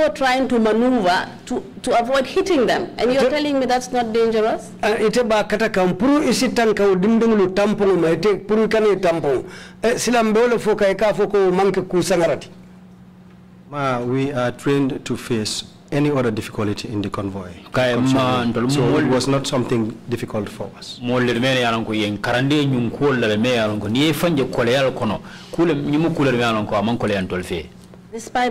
are trying to maneuver to, to avoid hitting them. And you're telling me that's not dangerous? Ah, ba kata eh, foka eka manke kusangarati. Ma, we are trained to face any other difficulty in the convoy. So it was not something difficult for us. Despite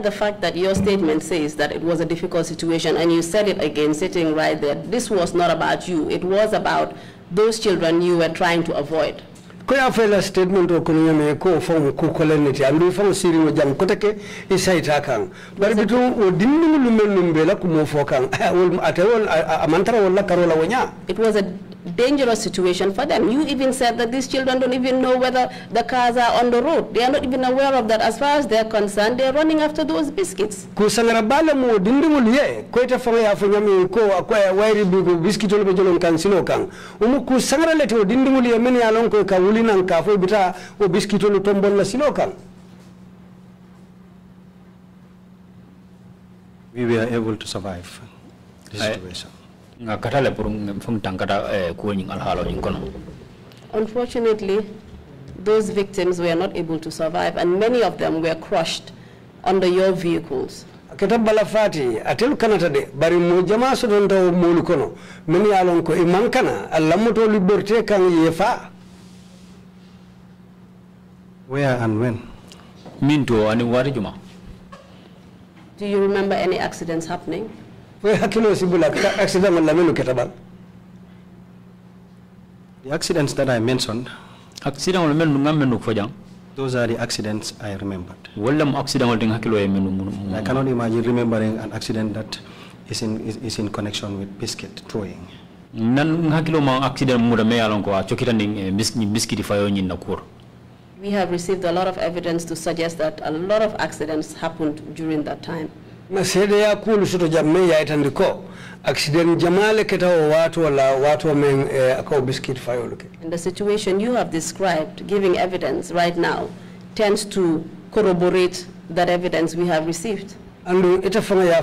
the fact that your statement says that it was a difficult situation and you said it again sitting right there, this was not about you. It was about those children you were trying to avoid ko ya fela statement o kono yame ko fon ko kolenniti andu fon siri o jam ko take e sayta kan bari bitu o dindimu lumel lumbe la ko mo fo kan wol atawol amantara wala karola wonya it was a dangerous situation for them. You even said that these children don't even know whether the cars are on the road. They are not even aware of that. As far as they're concerned, they're running after those biscuits. bala dindimul ye kweta ya ko akwa wairi Umu dindimul ye alon ka bita olu We were able to survive this I, situation katale pour fum tankata eh, ko ñing alhaalo unfortunately those victims were not able to survive and many of them were crushed under your vehicles keta bala fati atel kanata de bari mo jama so don taw molu kono min liberté kan yefa where and when minto ani wari juma do you remember any accidents happening hakkiloo si bu la accident man la melu ketabal the accidents that i mentioned accident wala melu ngam menu fojang those are the accidents i remembered wala mo accident wala ding hakkiloo e menu i cannot imagine remembering an accident that is in is, in connection with biscuit throwing nan hakkiloo ma accident muda me yalon ko a cokitandi eh, biskiti fayo ñin na kuuro we have received a lot of evidence to suggest that a lot of accidents happened during that time na accident jamale eh, biscuit and the situation you have described giving evidence right now tends to corroborate that evidence we have received andu ya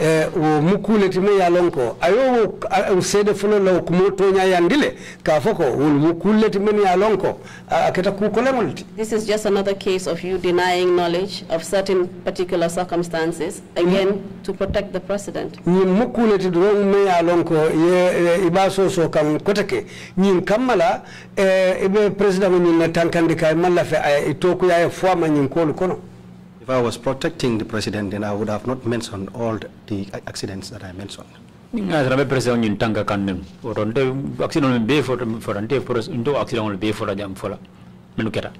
o eh, wo mukkuleti mum ya lon ko ayo wo seede fulo law kumo toña yandile ka fo ko wol mukkulleti mum ya lon ko aketa kukolemol ti this is just another case of you denying knowledge of certain particular circumstances again mm. to protect the president ñin mukkuleti doron mum ya lon ko ye iba soso kam kotake ñin kammala e eh, ɓe président o ñin tankande kay malla fe a eh, tokuya e foima ñin kolu kono I was protecting the president, then I would have not mentioned all the accidents that I mentioned. for for for for ajam for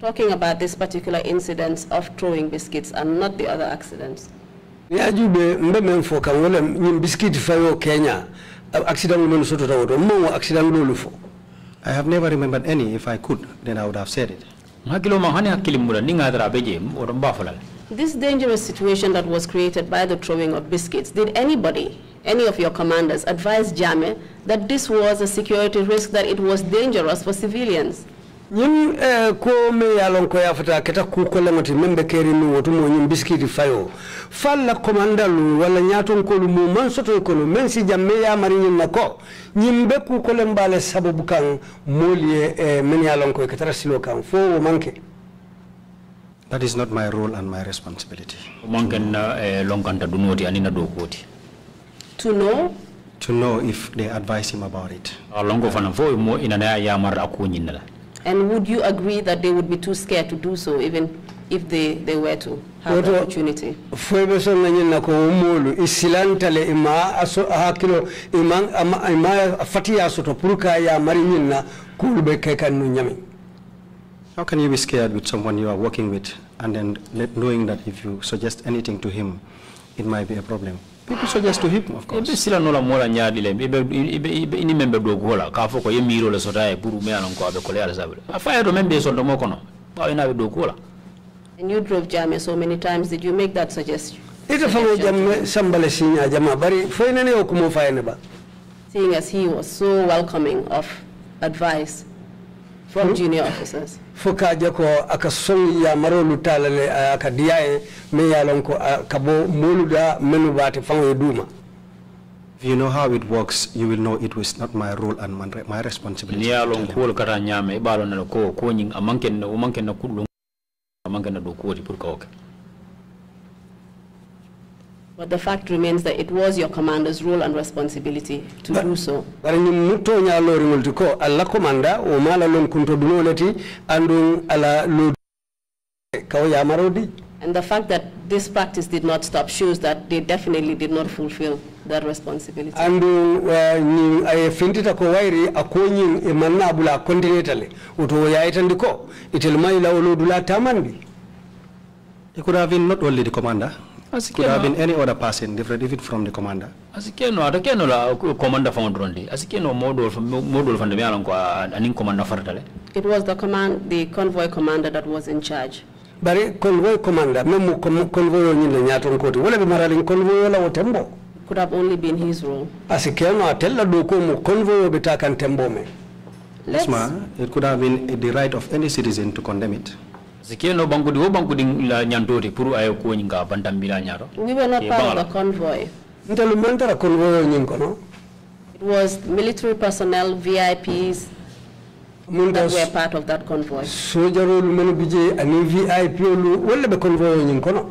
Talking about this particular incident of throwing biscuits and not the other accidents. Ya kan biscuit fayo Kenya. I have never remembered any. If I could, then I would have said it. This dangerous situation that was created by the throwing of biscuits, did anybody, any of your commanders, advise Jame that this was a security risk, that it was dangerous for civilians? ñim eh, ko me yalon ko ya fata keta ku ko lamati membe keri mi wotu mo ñim biskiti fayo falla komandalu wala ñaton ko lu mu man soto ko lu men si jamme ya mari ñin na ko ñim be ku ko lam bale sababu kan molie eh, men yalon ko keta silo kan fo wo manke that is not my role and my responsibility manken na eh, lonkanta dunoti anina do koti to know to know if they advise him about it a ah, alongo fana fo mo inana ya mar akunyinala And would you agree that they would be too scared to do so, even if they, they were to have the opportunity? umulu isilantale ima aso ima fatia kulbe keka nunyami. How can you be scared with someone you are working with and then knowing that if you suggest anything to him, it might be a problem? people suggest to him of course sila nola mola nyaadi le ibe ini membe do gola ka fo ko yemiro le sota e buru me anon ko abe ko le ala sabule afaya do membe so do mo kono ba ina be do gola and you drove Jamie so many times did you make that suggestion ita fango jamme sambale sinya jama bari fo ina ne ko mo ba seeing as he was so welcoming of advice from hmm? junior officers foka jako aka son ya marolu talale aka diyaye me ya lon ko kabo moluda menu bati fango duma If you know how it works, you will know it was not my role and my responsibility. Ni alon ko kara nyame ba lon ko ko nyin amanken na umanken na kulung amanken na do ko di pour ka But the fact remains that it was your commander's role and responsibility to but, do so. muto nya lori o mala lon kunto dunoleti andu ala lodi kawya marodi. And the fact that this practice did not stop shows that they definitely did not fulfill that responsibility. And I ay fintita ko wairi akonyin e manna bula continentally uto ya itandiko olodula tamandi. It could have been not only the commander could have been any other person different even from the commander As asikeno atakeno la commander found As model, asikeno modol modol fande mialan ko anin commander fartale it was the command the convoy commander that was in charge But convoy commander no convoy ni la nyaton koti wala be maralin convoy wala wotembo could have only been his role As asikeno atella tell the mu convoy be takan tembo me Let's, it could have been the right of any citizen to condemn it zikeno banku wo banku la nyandoti pour ayo ko nyinga bandambira nyaro we were not part of the convoy ntelu mentara convoy nyinko no it was military personnel vips that were part of that convoy sojarolu men bije ani vip lu wolle be convoy nyinko no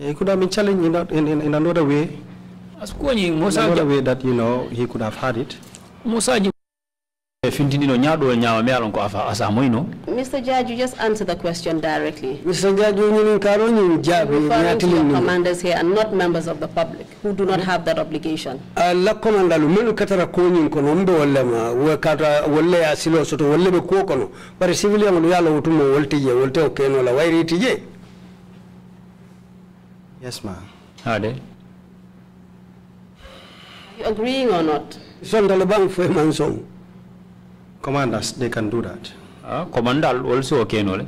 eh, he could have been challenged in, that, in, in, in another way another way that you know he could have had it Musa ji mr Judge, you just answer the question directly mr Judge, you are commanders here and not members of the public who do not have that obligation uh, la commandalu melu katara ko yes ma'am. Are you agreeing or not Commanders, they can do that. Uh, ah, commander also okay, no?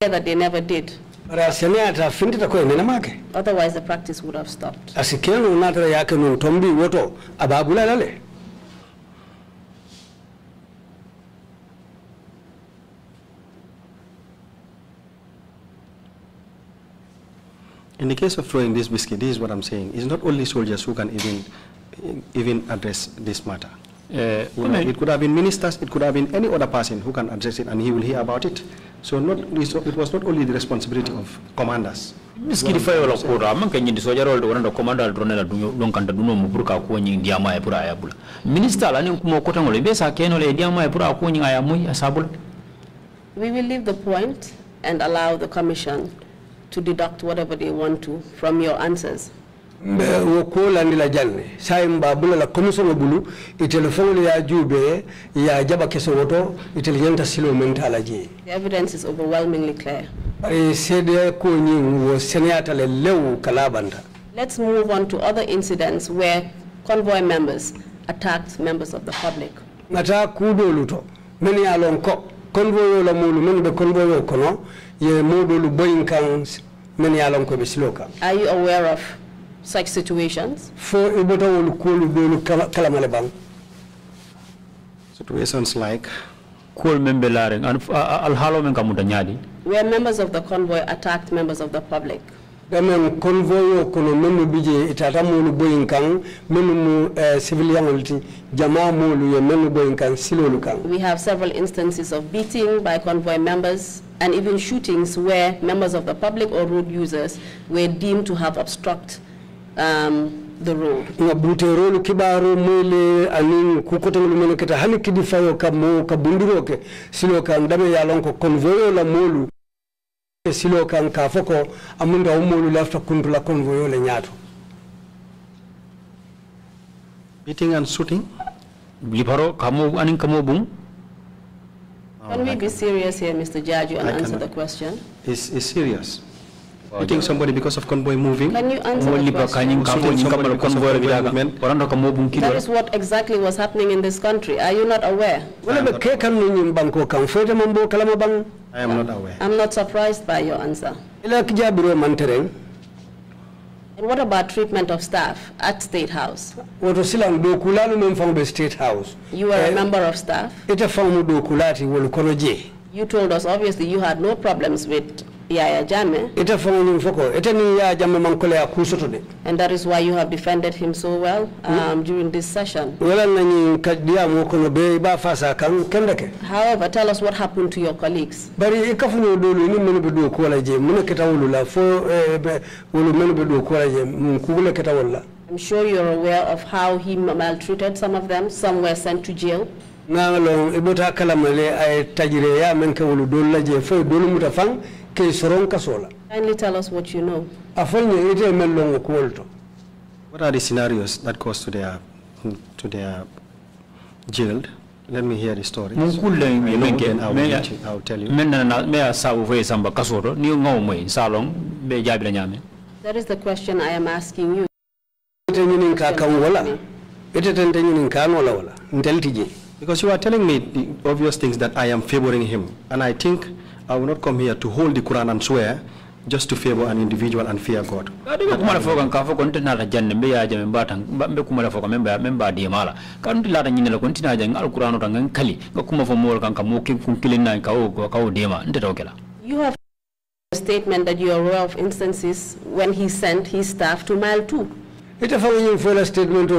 That they never did. Otherwise, the practice would have stopped. In the case of throwing this biscuit, this is what I'm saying. It's not only soldiers who can even, even address this matter. Uh, it could have been ministers, it could have been any other person who can address it and he will hear about it. So not, it was not only the responsibility of commanders. minister we will leave the point and allow the commission to deduct whatever they want to from your answers la janne bula la commission bulu ya ya jaba keso woto silo the evidence is overwhelmingly clear ko ni wo senyata le lew let's move on to other incidents where convoy members attacked members of the public nata kudolu to ko convoy la mulu men be convoy kono ye modolu boyin kan ko be are you aware of such situations? Situations like where members of the convoy attacked members of the public. Eh, we have several instances of beating by convoy members and even shootings where members of the public or road users were deemed to have obstructed um, the road nga butero kibaro mwele anin ngulu ngulumeno kita hani kidifayo ka mo ka bundiroke silo ka ndame ya lonko konvoyo la molu silo ka nka foko amunda umolu lafta kundu la convoyo le nyato beating and shooting libaro kamo anin kamo bum Can we be serious here, Mr. Jaju, and answer the question? It's, it's serious. hitting somebody because of convoy moving. Can you answer the question? Somebody because of movement. That is what exactly was happening in this country. Are you not aware? I am not aware. I am not aware. I'm not surprised by your answer. And what about treatment of staff at State House? State House. You are a eh, member of staff. You told us obviously you had no problems with Yaya fongu ni Yaya mankole de. And that is why you have defended him so well hmm? um, during this session. Wala kadia nobe iba fasa However, tell us what happened to your colleagues. Bari ikafuni dulu ni mene bedu kuala je. Mene keta ulula fo eh, ulu mene bedu kuala je. Mkugule keta I'm sure you're aware of how he maltreated some of them. Some were sent to jail. ibuta ay eh, tajire ya menke ulu dulu je fo dulu mutafang ke soron kasola kindly tell us what you know ite mellongo what are the scenarios that cause to their to their jailed let me hear the story mun kulle me i'll tell you men na me fe samba kasoro ni ngaw be jabi la nyame that is the question i am asking you nyinin ka kan wala ite tan nyinin wala because you are telling me the obvious things that i am favoring him and i think I will not come here to hold the Quran and swear just to favor an individual and fear God. You have a statement that you are aware of instances when he sent his staff to mile 2. statement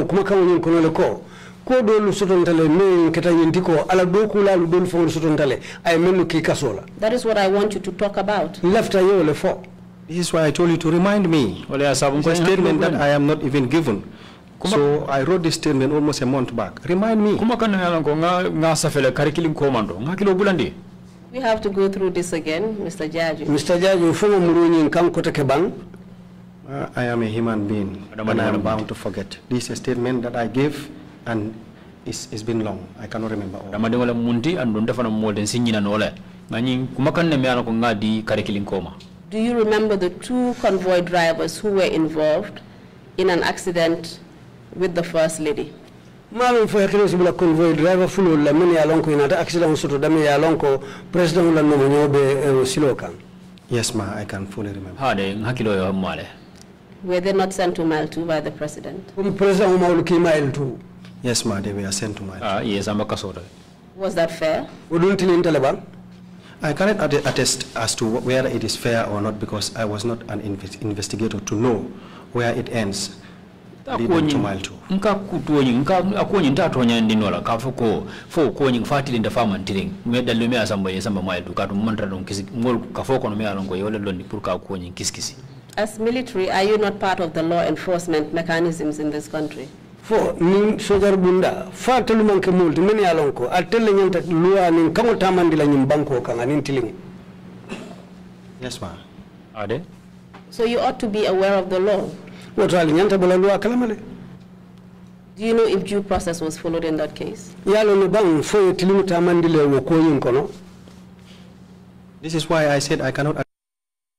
ko dolu sotontale min ketañinti ko ala ɗo kulalu dolu fongol sotontale ay mennu ki kasola that is what i want you to talk about lefta yewle fo this is why i told you to remind me Olé yes, I'm statement that i am not even given so I wrote this statement almost a month back. Remind me. We have to go through this again, Mr. Jaju. Mr. Jaju, fumo murunyin kanko take bang. Uh, I am a human being and I am bound to forget. This is a statement that I gave and it's, it's been long. I cannot remember all. wala mundi and molden Nani kumakan ne koma. Do you remember the two convoy drivers who were involved in an accident with the first lady? convoy driver la inata accident dami president la eh, yes ma i can fully remember ha de yo were they not sent to maltu by the president president Yes, ma, they were sent to my Ah, yes, I'm a Kasoda. Was that fair? Wouldn't in Taliban? I cannot attest as to whether it is fair or not because I was not an investigator to know where it ends. Nka kafuko As military, are you not part of the law enforcement mechanisms in this country? fo nin sojar bunda fa tolu manke multi men ya lonko atelle nyanta luwa nin kango tamandi la nyim banko kanga nin tiling yes ma ade so you ought to be aware of the law What ali nyanta bala luwa kalamale Do you know if due process was followed in that case? This is why I said I cannot,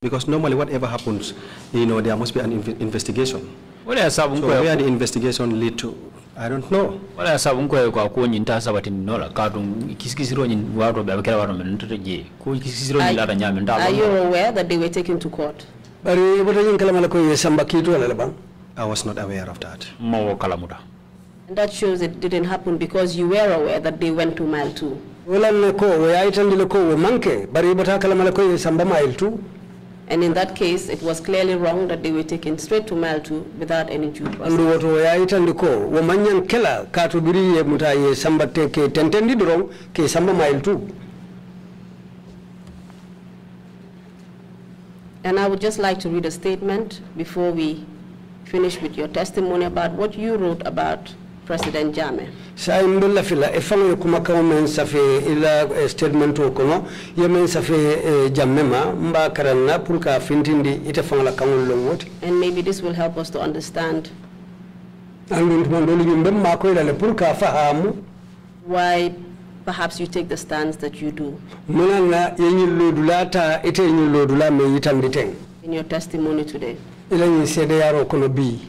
because normally whatever happens, you know, there must be an investigation wala sabu so the investigation lead to i don't know wala sabu nkoye kwa kuonyinta sabati nola kadu kisikisiro nyin watu babekera watu mentoto je kisikisiro nyin lata nyame ndalo are you aware that they were taken to court bari boto nyin kala mala ko yesamba kitu wala ban i was not aware of that mawo kala and that shows it didn't happen because you were aware that they went to mile 2 wala ne we aitandile ko we manke bari boto kala mala ko yesamba mile 2 and in that case, it was clearly wrong that they were taken straight to Malto without any due process. Andu wato ya itandi ko wo manyan kela kato biri samba te tentendi ke samba And I would just like to read a statement before we finish with your testimony about what you wrote about President Jame. Sa imbella fila efalo yokuma kama mensafe ila eh, statement okono ya mensafe eh, jamema mba karana purka fintindi itafangala kamullo ngoti. And maybe this will help us to understand. Andu tumandoli bimbemma ko ila le purka fahamu. Why perhaps you take the stance that you do. Mulana yenyilodula ta ite yenyilodula me yitanditeng. In your testimony today. Ila yinsede yaro kono bi.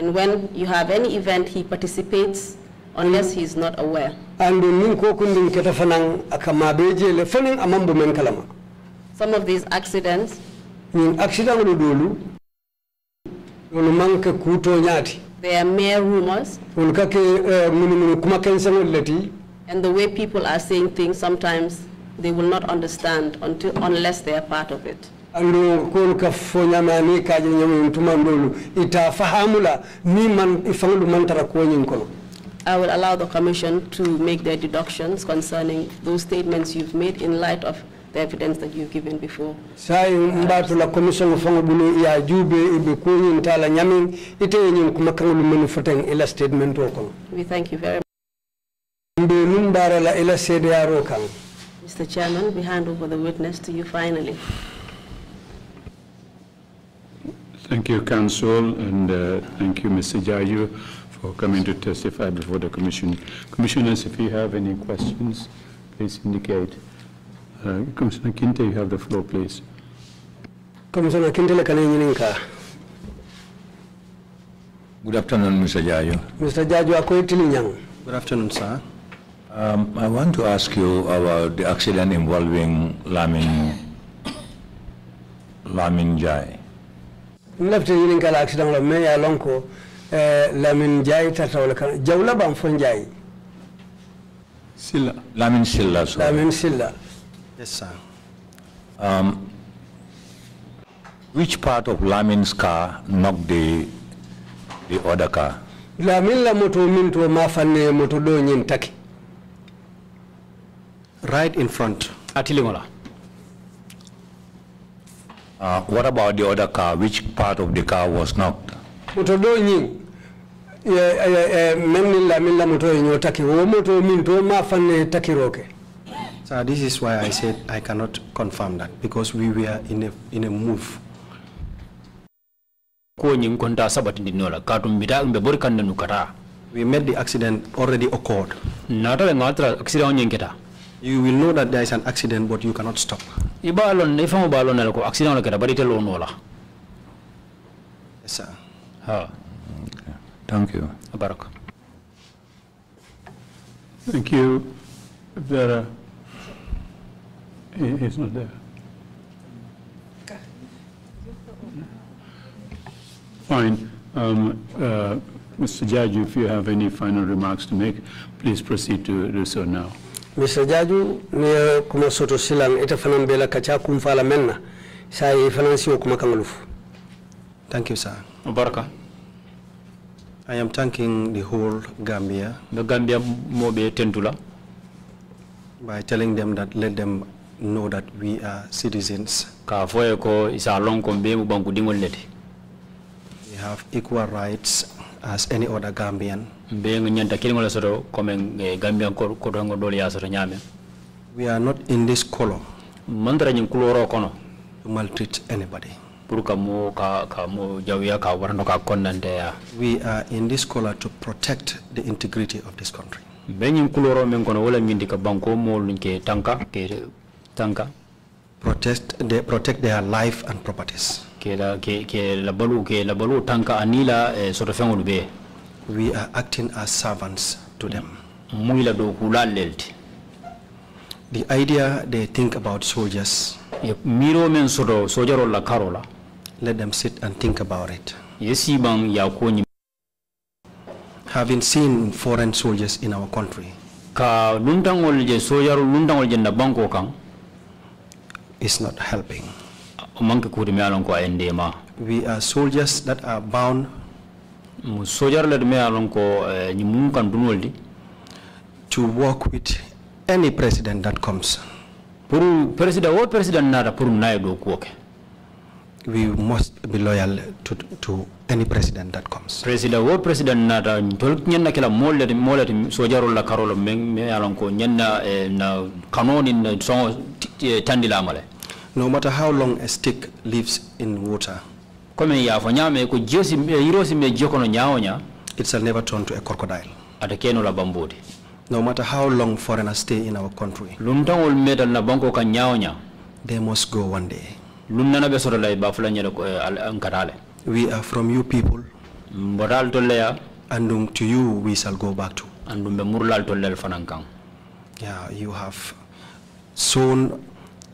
And when you have any event, he participates unless he is not aware. And Some of these accidents they are mere rumors. Eh, and the way people are saying things sometimes they will not understand until unless they are part of it ka kaje tumandolu ita fahamula ni man mantara koñin kono I will allow the Commission to make their deductions concerning those statements you've made in light of the evidence that you've given before. Sai mbatu la commission fongo bulu ya jube ibe kunyin tala nyamin ite yin kuma kangulu menu ila statement okon. We thank you very much. Mbe numbara la ila sede ya Mr. Chairman, we hand over the witness to you finally. Thank you, Council, and uh, thank you, Mr. Jayu, for coming to testify before the Commission. Commissioners, if you have any questions, please indicate. Uh, Commissioner Kinte, you have the floor, please. Commissioner Kinte, Good afternoon, Mr. Jayu. Mr. Jayu, Good afternoon, sir. Um, I want to ask you about the accident involving Lamin, Lamin Jai yinin kala accident mais ya eh, lamin jay kan jawla bam fon jay silla lamin silla so lamin silla yes sir um which part of lamin's car knocked the the other car lamin la moto min to ma fanne moto do nyin taki right in front atiligola uh, what about the other car? Which part of the car was knocked? do la roke. So this is why I said I cannot confirm that because we were in a in a move. We met the accident already occurred you will know that there is an accident, but you cannot stop. Ibalon, if I'm balon, i accident, I'll get a body Yes, sir. Oh. Okay. Thank you. Barak. Thank you. If there he's not there. Fine. Um, uh, Mr. Judge, if you have any final remarks to make, please proceed to do so now. Mr. Jaju ne kuma soto silan ita fanan bela kacha kum fala menna sai fanan siyo kuma kangalufu thank you sir mubaraka i am thanking the whole gambia the gambia mobe tendula by telling them that let them know that we are citizens ka foye ko isa long ko mubangu mu banku we have equal rights as any other gambian we are not in this color mantara ñin kuloro kono to maltreat anybody pour ka mo ka ka mo jawiya ka warno ka konnante ya we are in this color to protect the integrity of this country be ñin kuloro men kono wala ñindi ka banko mo luñ ke tanka ke tanka protect they protect their life and properties ke la ke ke la balu ke la balu tanka anila eh, soto fengolu be we are acting as servants to them. The idea they think about soldiers. Let them sit and think about it. Having seen foreign soldiers in our country. is It's not helping. We are soldiers that are bound mu me ni eh, to work with any president that comes president what president we must be loyal to to any president that comes president what president nada nyenna kala molati molati la karolo nyenna na kanoni eh, na eh, no matter how long a stick lives in water komin yaafo ñaame ko josi yirosi me jokono ñaawoña it shall never turn to a crocodile ata kenola bambode no matter how long foreigners stay in our country lum tangol metal na banko kan ñaawoña they must go one day lum na be sotola e bafula ñele ko eh, ankatale eh, we are from you people mbotal tolleya andum to you we shall go back to andum be murlal tollel fanan kan yeah you have shown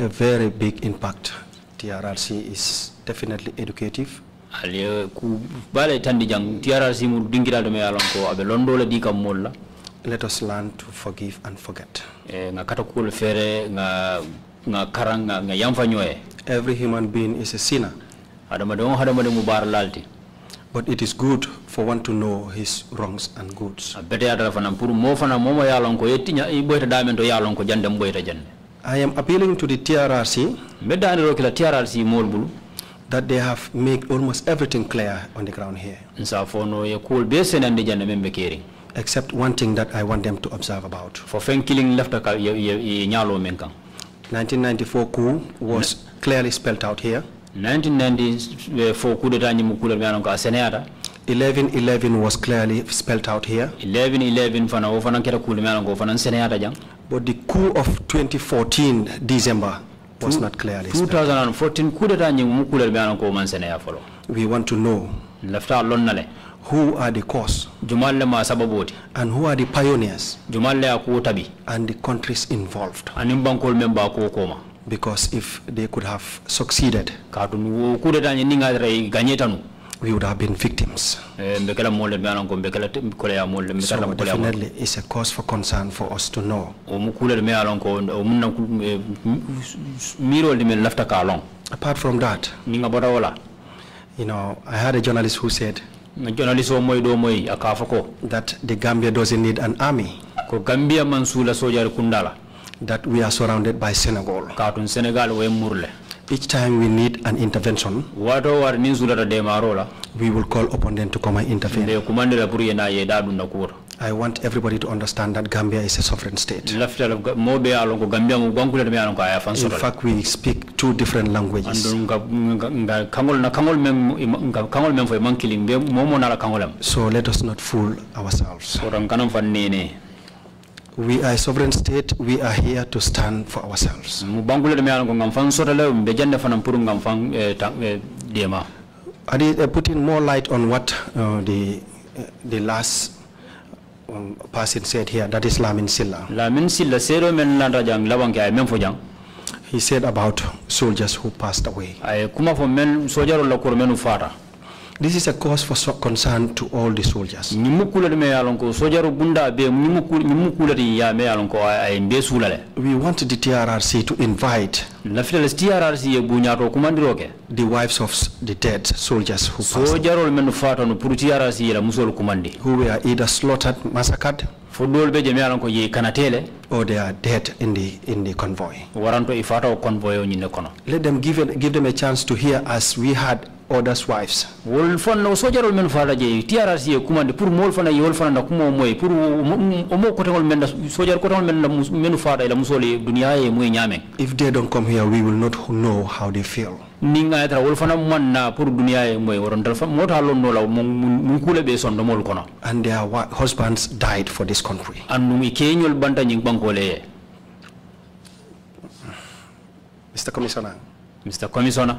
a very big impact trrc is definitely educative ali ku bale tandi jang dingira do me yalon ko abe londo le di kam let us learn to forgive and forget e nga fere nga nga karanga nga yamfa every human being is a sinner adama do adama do lalti but it is good for one to know his wrongs and goods adara pour mo yalon ko i boyta damen yalon ko jande i am appealing to the trrc trrc that they have made almost everything clear on the ground here. Except one thing that I want them to observe about. For killing left 1994 coup was clearly spelled out here. 1994 coup d'etat 1111 was clearly spelled out here. 1111 fana kera kulal But the coup of 2014 December was not clearly 2014 coup d'etat ñing mu be ya folo we want to know lafta lon who are the cause ma sababoti and who are the pioneers and the countries involved anim bankol memba ko koma because if they could have succeeded coup d'etat nga ray we would have been victims. So definitely it's a cause for concern for us to know. Eh, Apart from that, you know, I had a journalist who said that the Gambia doesn't need an army. That we are surrounded by Senegal each time we need an intervention, we will call upon them to come and intervene. I want everybody to understand that Gambia is a sovereign state. In fact, we speak two different languages. So let us not fool ourselves we are a sovereign state we are here to stand for ourselves I eh, eh, did eh, putting more light on what uh, the uh, the last um, person said here that is Lamin Silla Lamin Silla sero jang he said about soldiers who passed away kuma men this is a cause for so concern to all the soldiers. We want the TRRC to invite the wives of the dead soldiers who passed were either slaughtered, massacred, or they are dead in the in the convoy let them give, give them a chance to hear as we had others wives wol fanna sojarol men fala jeeyi trc e kumande pour mool fana yewol fana na kumo moye pour omo kotegol men sojar kotegol men men menu faada la musole duniya e moye nyame if they don't come here we will not know how they feel nin ga tra wol man na pour duniya e moye woron dal fam mota lonno law mun kula be sondo mol kono and their husbands died for this country annu mi kenyol banta nyin bankole Mr. Commissioner Mr. Commissioner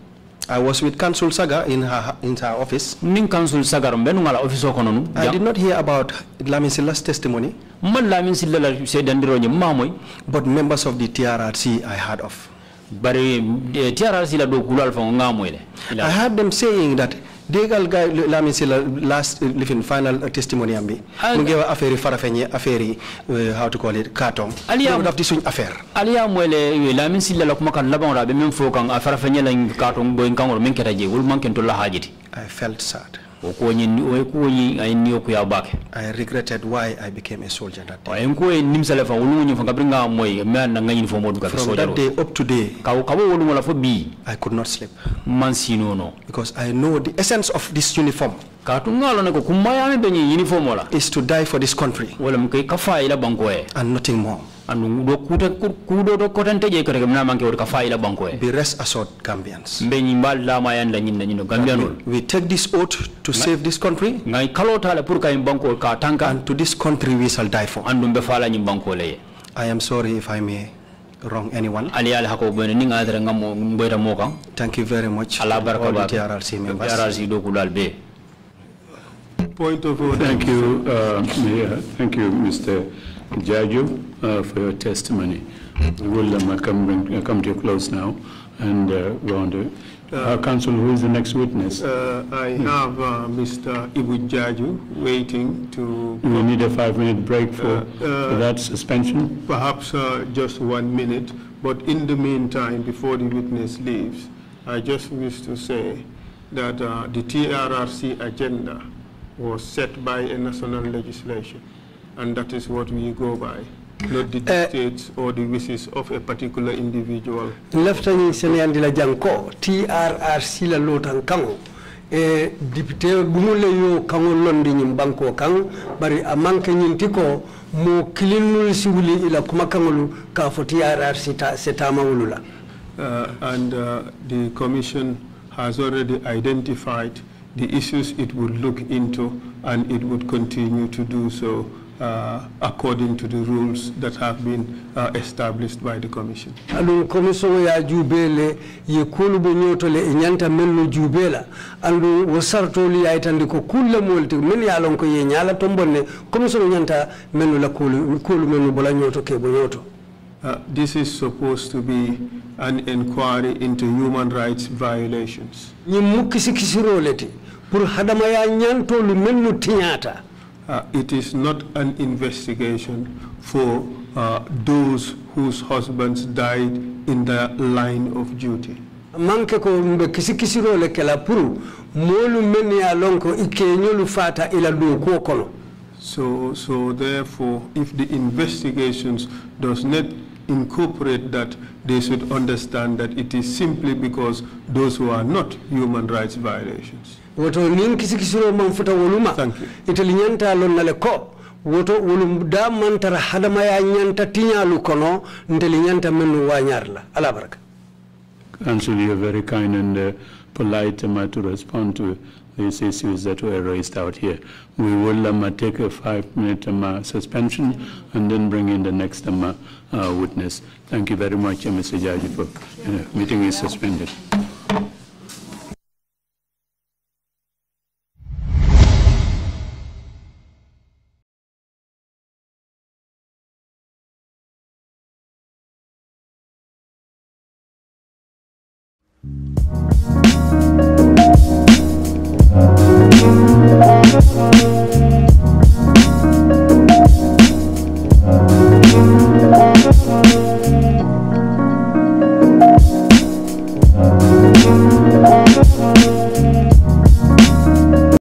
I was with Council Saga in her in her office. Ning Council Saga rumbe nungala office okono I did not hear about Lamisila's testimony. Man Lamisila said dandiro nye mamoi. But members of the TRRC I heard of. Bari eh, TRRC la do kulal fa ngamwe I heard them saying that si la last uh, lifin final uh, testimony mu ngi affaire affaire uh, how to call it aliya daf di suñ affaire. aliya si la laban fo kan boy min wol la I felt sad. I regretted why I became a soldier that day. From that day up to day, I could not sleep. Because I know the essence of this uniform is to die for this country and nothing more and kuta kudo do kotante je kare na manke wor ka faila banko e be rest assured gambians be ni mbal la mayan la nyin nyin gambian we take this oath to save this country ngai kalota la pour kay banko ka tanka and to this country we shall die for andum be fala nyim banko le i am sorry if i may wrong anyone. Ali ala ninga Thank you very much. Allah all the TRRC members. TRRC Point of order. Thank you, uh, yeah, Thank you, Mr. Jaju, uh, for your testimony. We'll um, uh, come, uh, come to a close now and uh, go on to uh, uh, counsel. Who is the next witness? Uh, I hmm. have Mr. Ibu Jaju waiting to. We need a five-minute break for, for, that suspension. Perhaps just one minute, but in the meantime, before the witness leaves, I just wish to say that the TRRC agenda was set by a national legislation and that is what we go by. not the eh, dictates or the wishes of a particular individual. Leftani seneyandi la janko TRRC la lotan kango e eh, député dumule yo kango londi nyim banko kang bari amanke nyinti ko mo kilinu siwuli ila kuma kangolu ka fo TRRC setama ulula. Uh, and uh, the commission has already identified the issues it would look into and it would continue to do so uh, according to the rules that have been uh, established by the commission. ya jubele ye le jubela wasarto li aitandi ko kulle molti ya lon ko ye nyala tombonne nyanta la kulu kulu bola nyoto ke Uh, this is supposed to be an inquiry into human rights violations. hadama ya nyanto lu uh, it is not an investigation for uh, those whose husbands died in the line of duty. manke ko mbe so so therefore if the investigations does not incorporate that they should understand that it is simply because those who are not human rights violations woto nin kisikisiro man futa woluma itali ñanta lonnale ko woto wolum da mantara hadamaya ñanta tiñalu kono nteli ñanta men wañar la ala baraka Council, you're very kind and uh, polite um, to respond to these issues that were raised out here. We will um, take a five-minute um, uh, suspension and then bring in the next um, uh, witness. Thank you very much, uh, Mr. Jaji, for uh, meeting is suspended.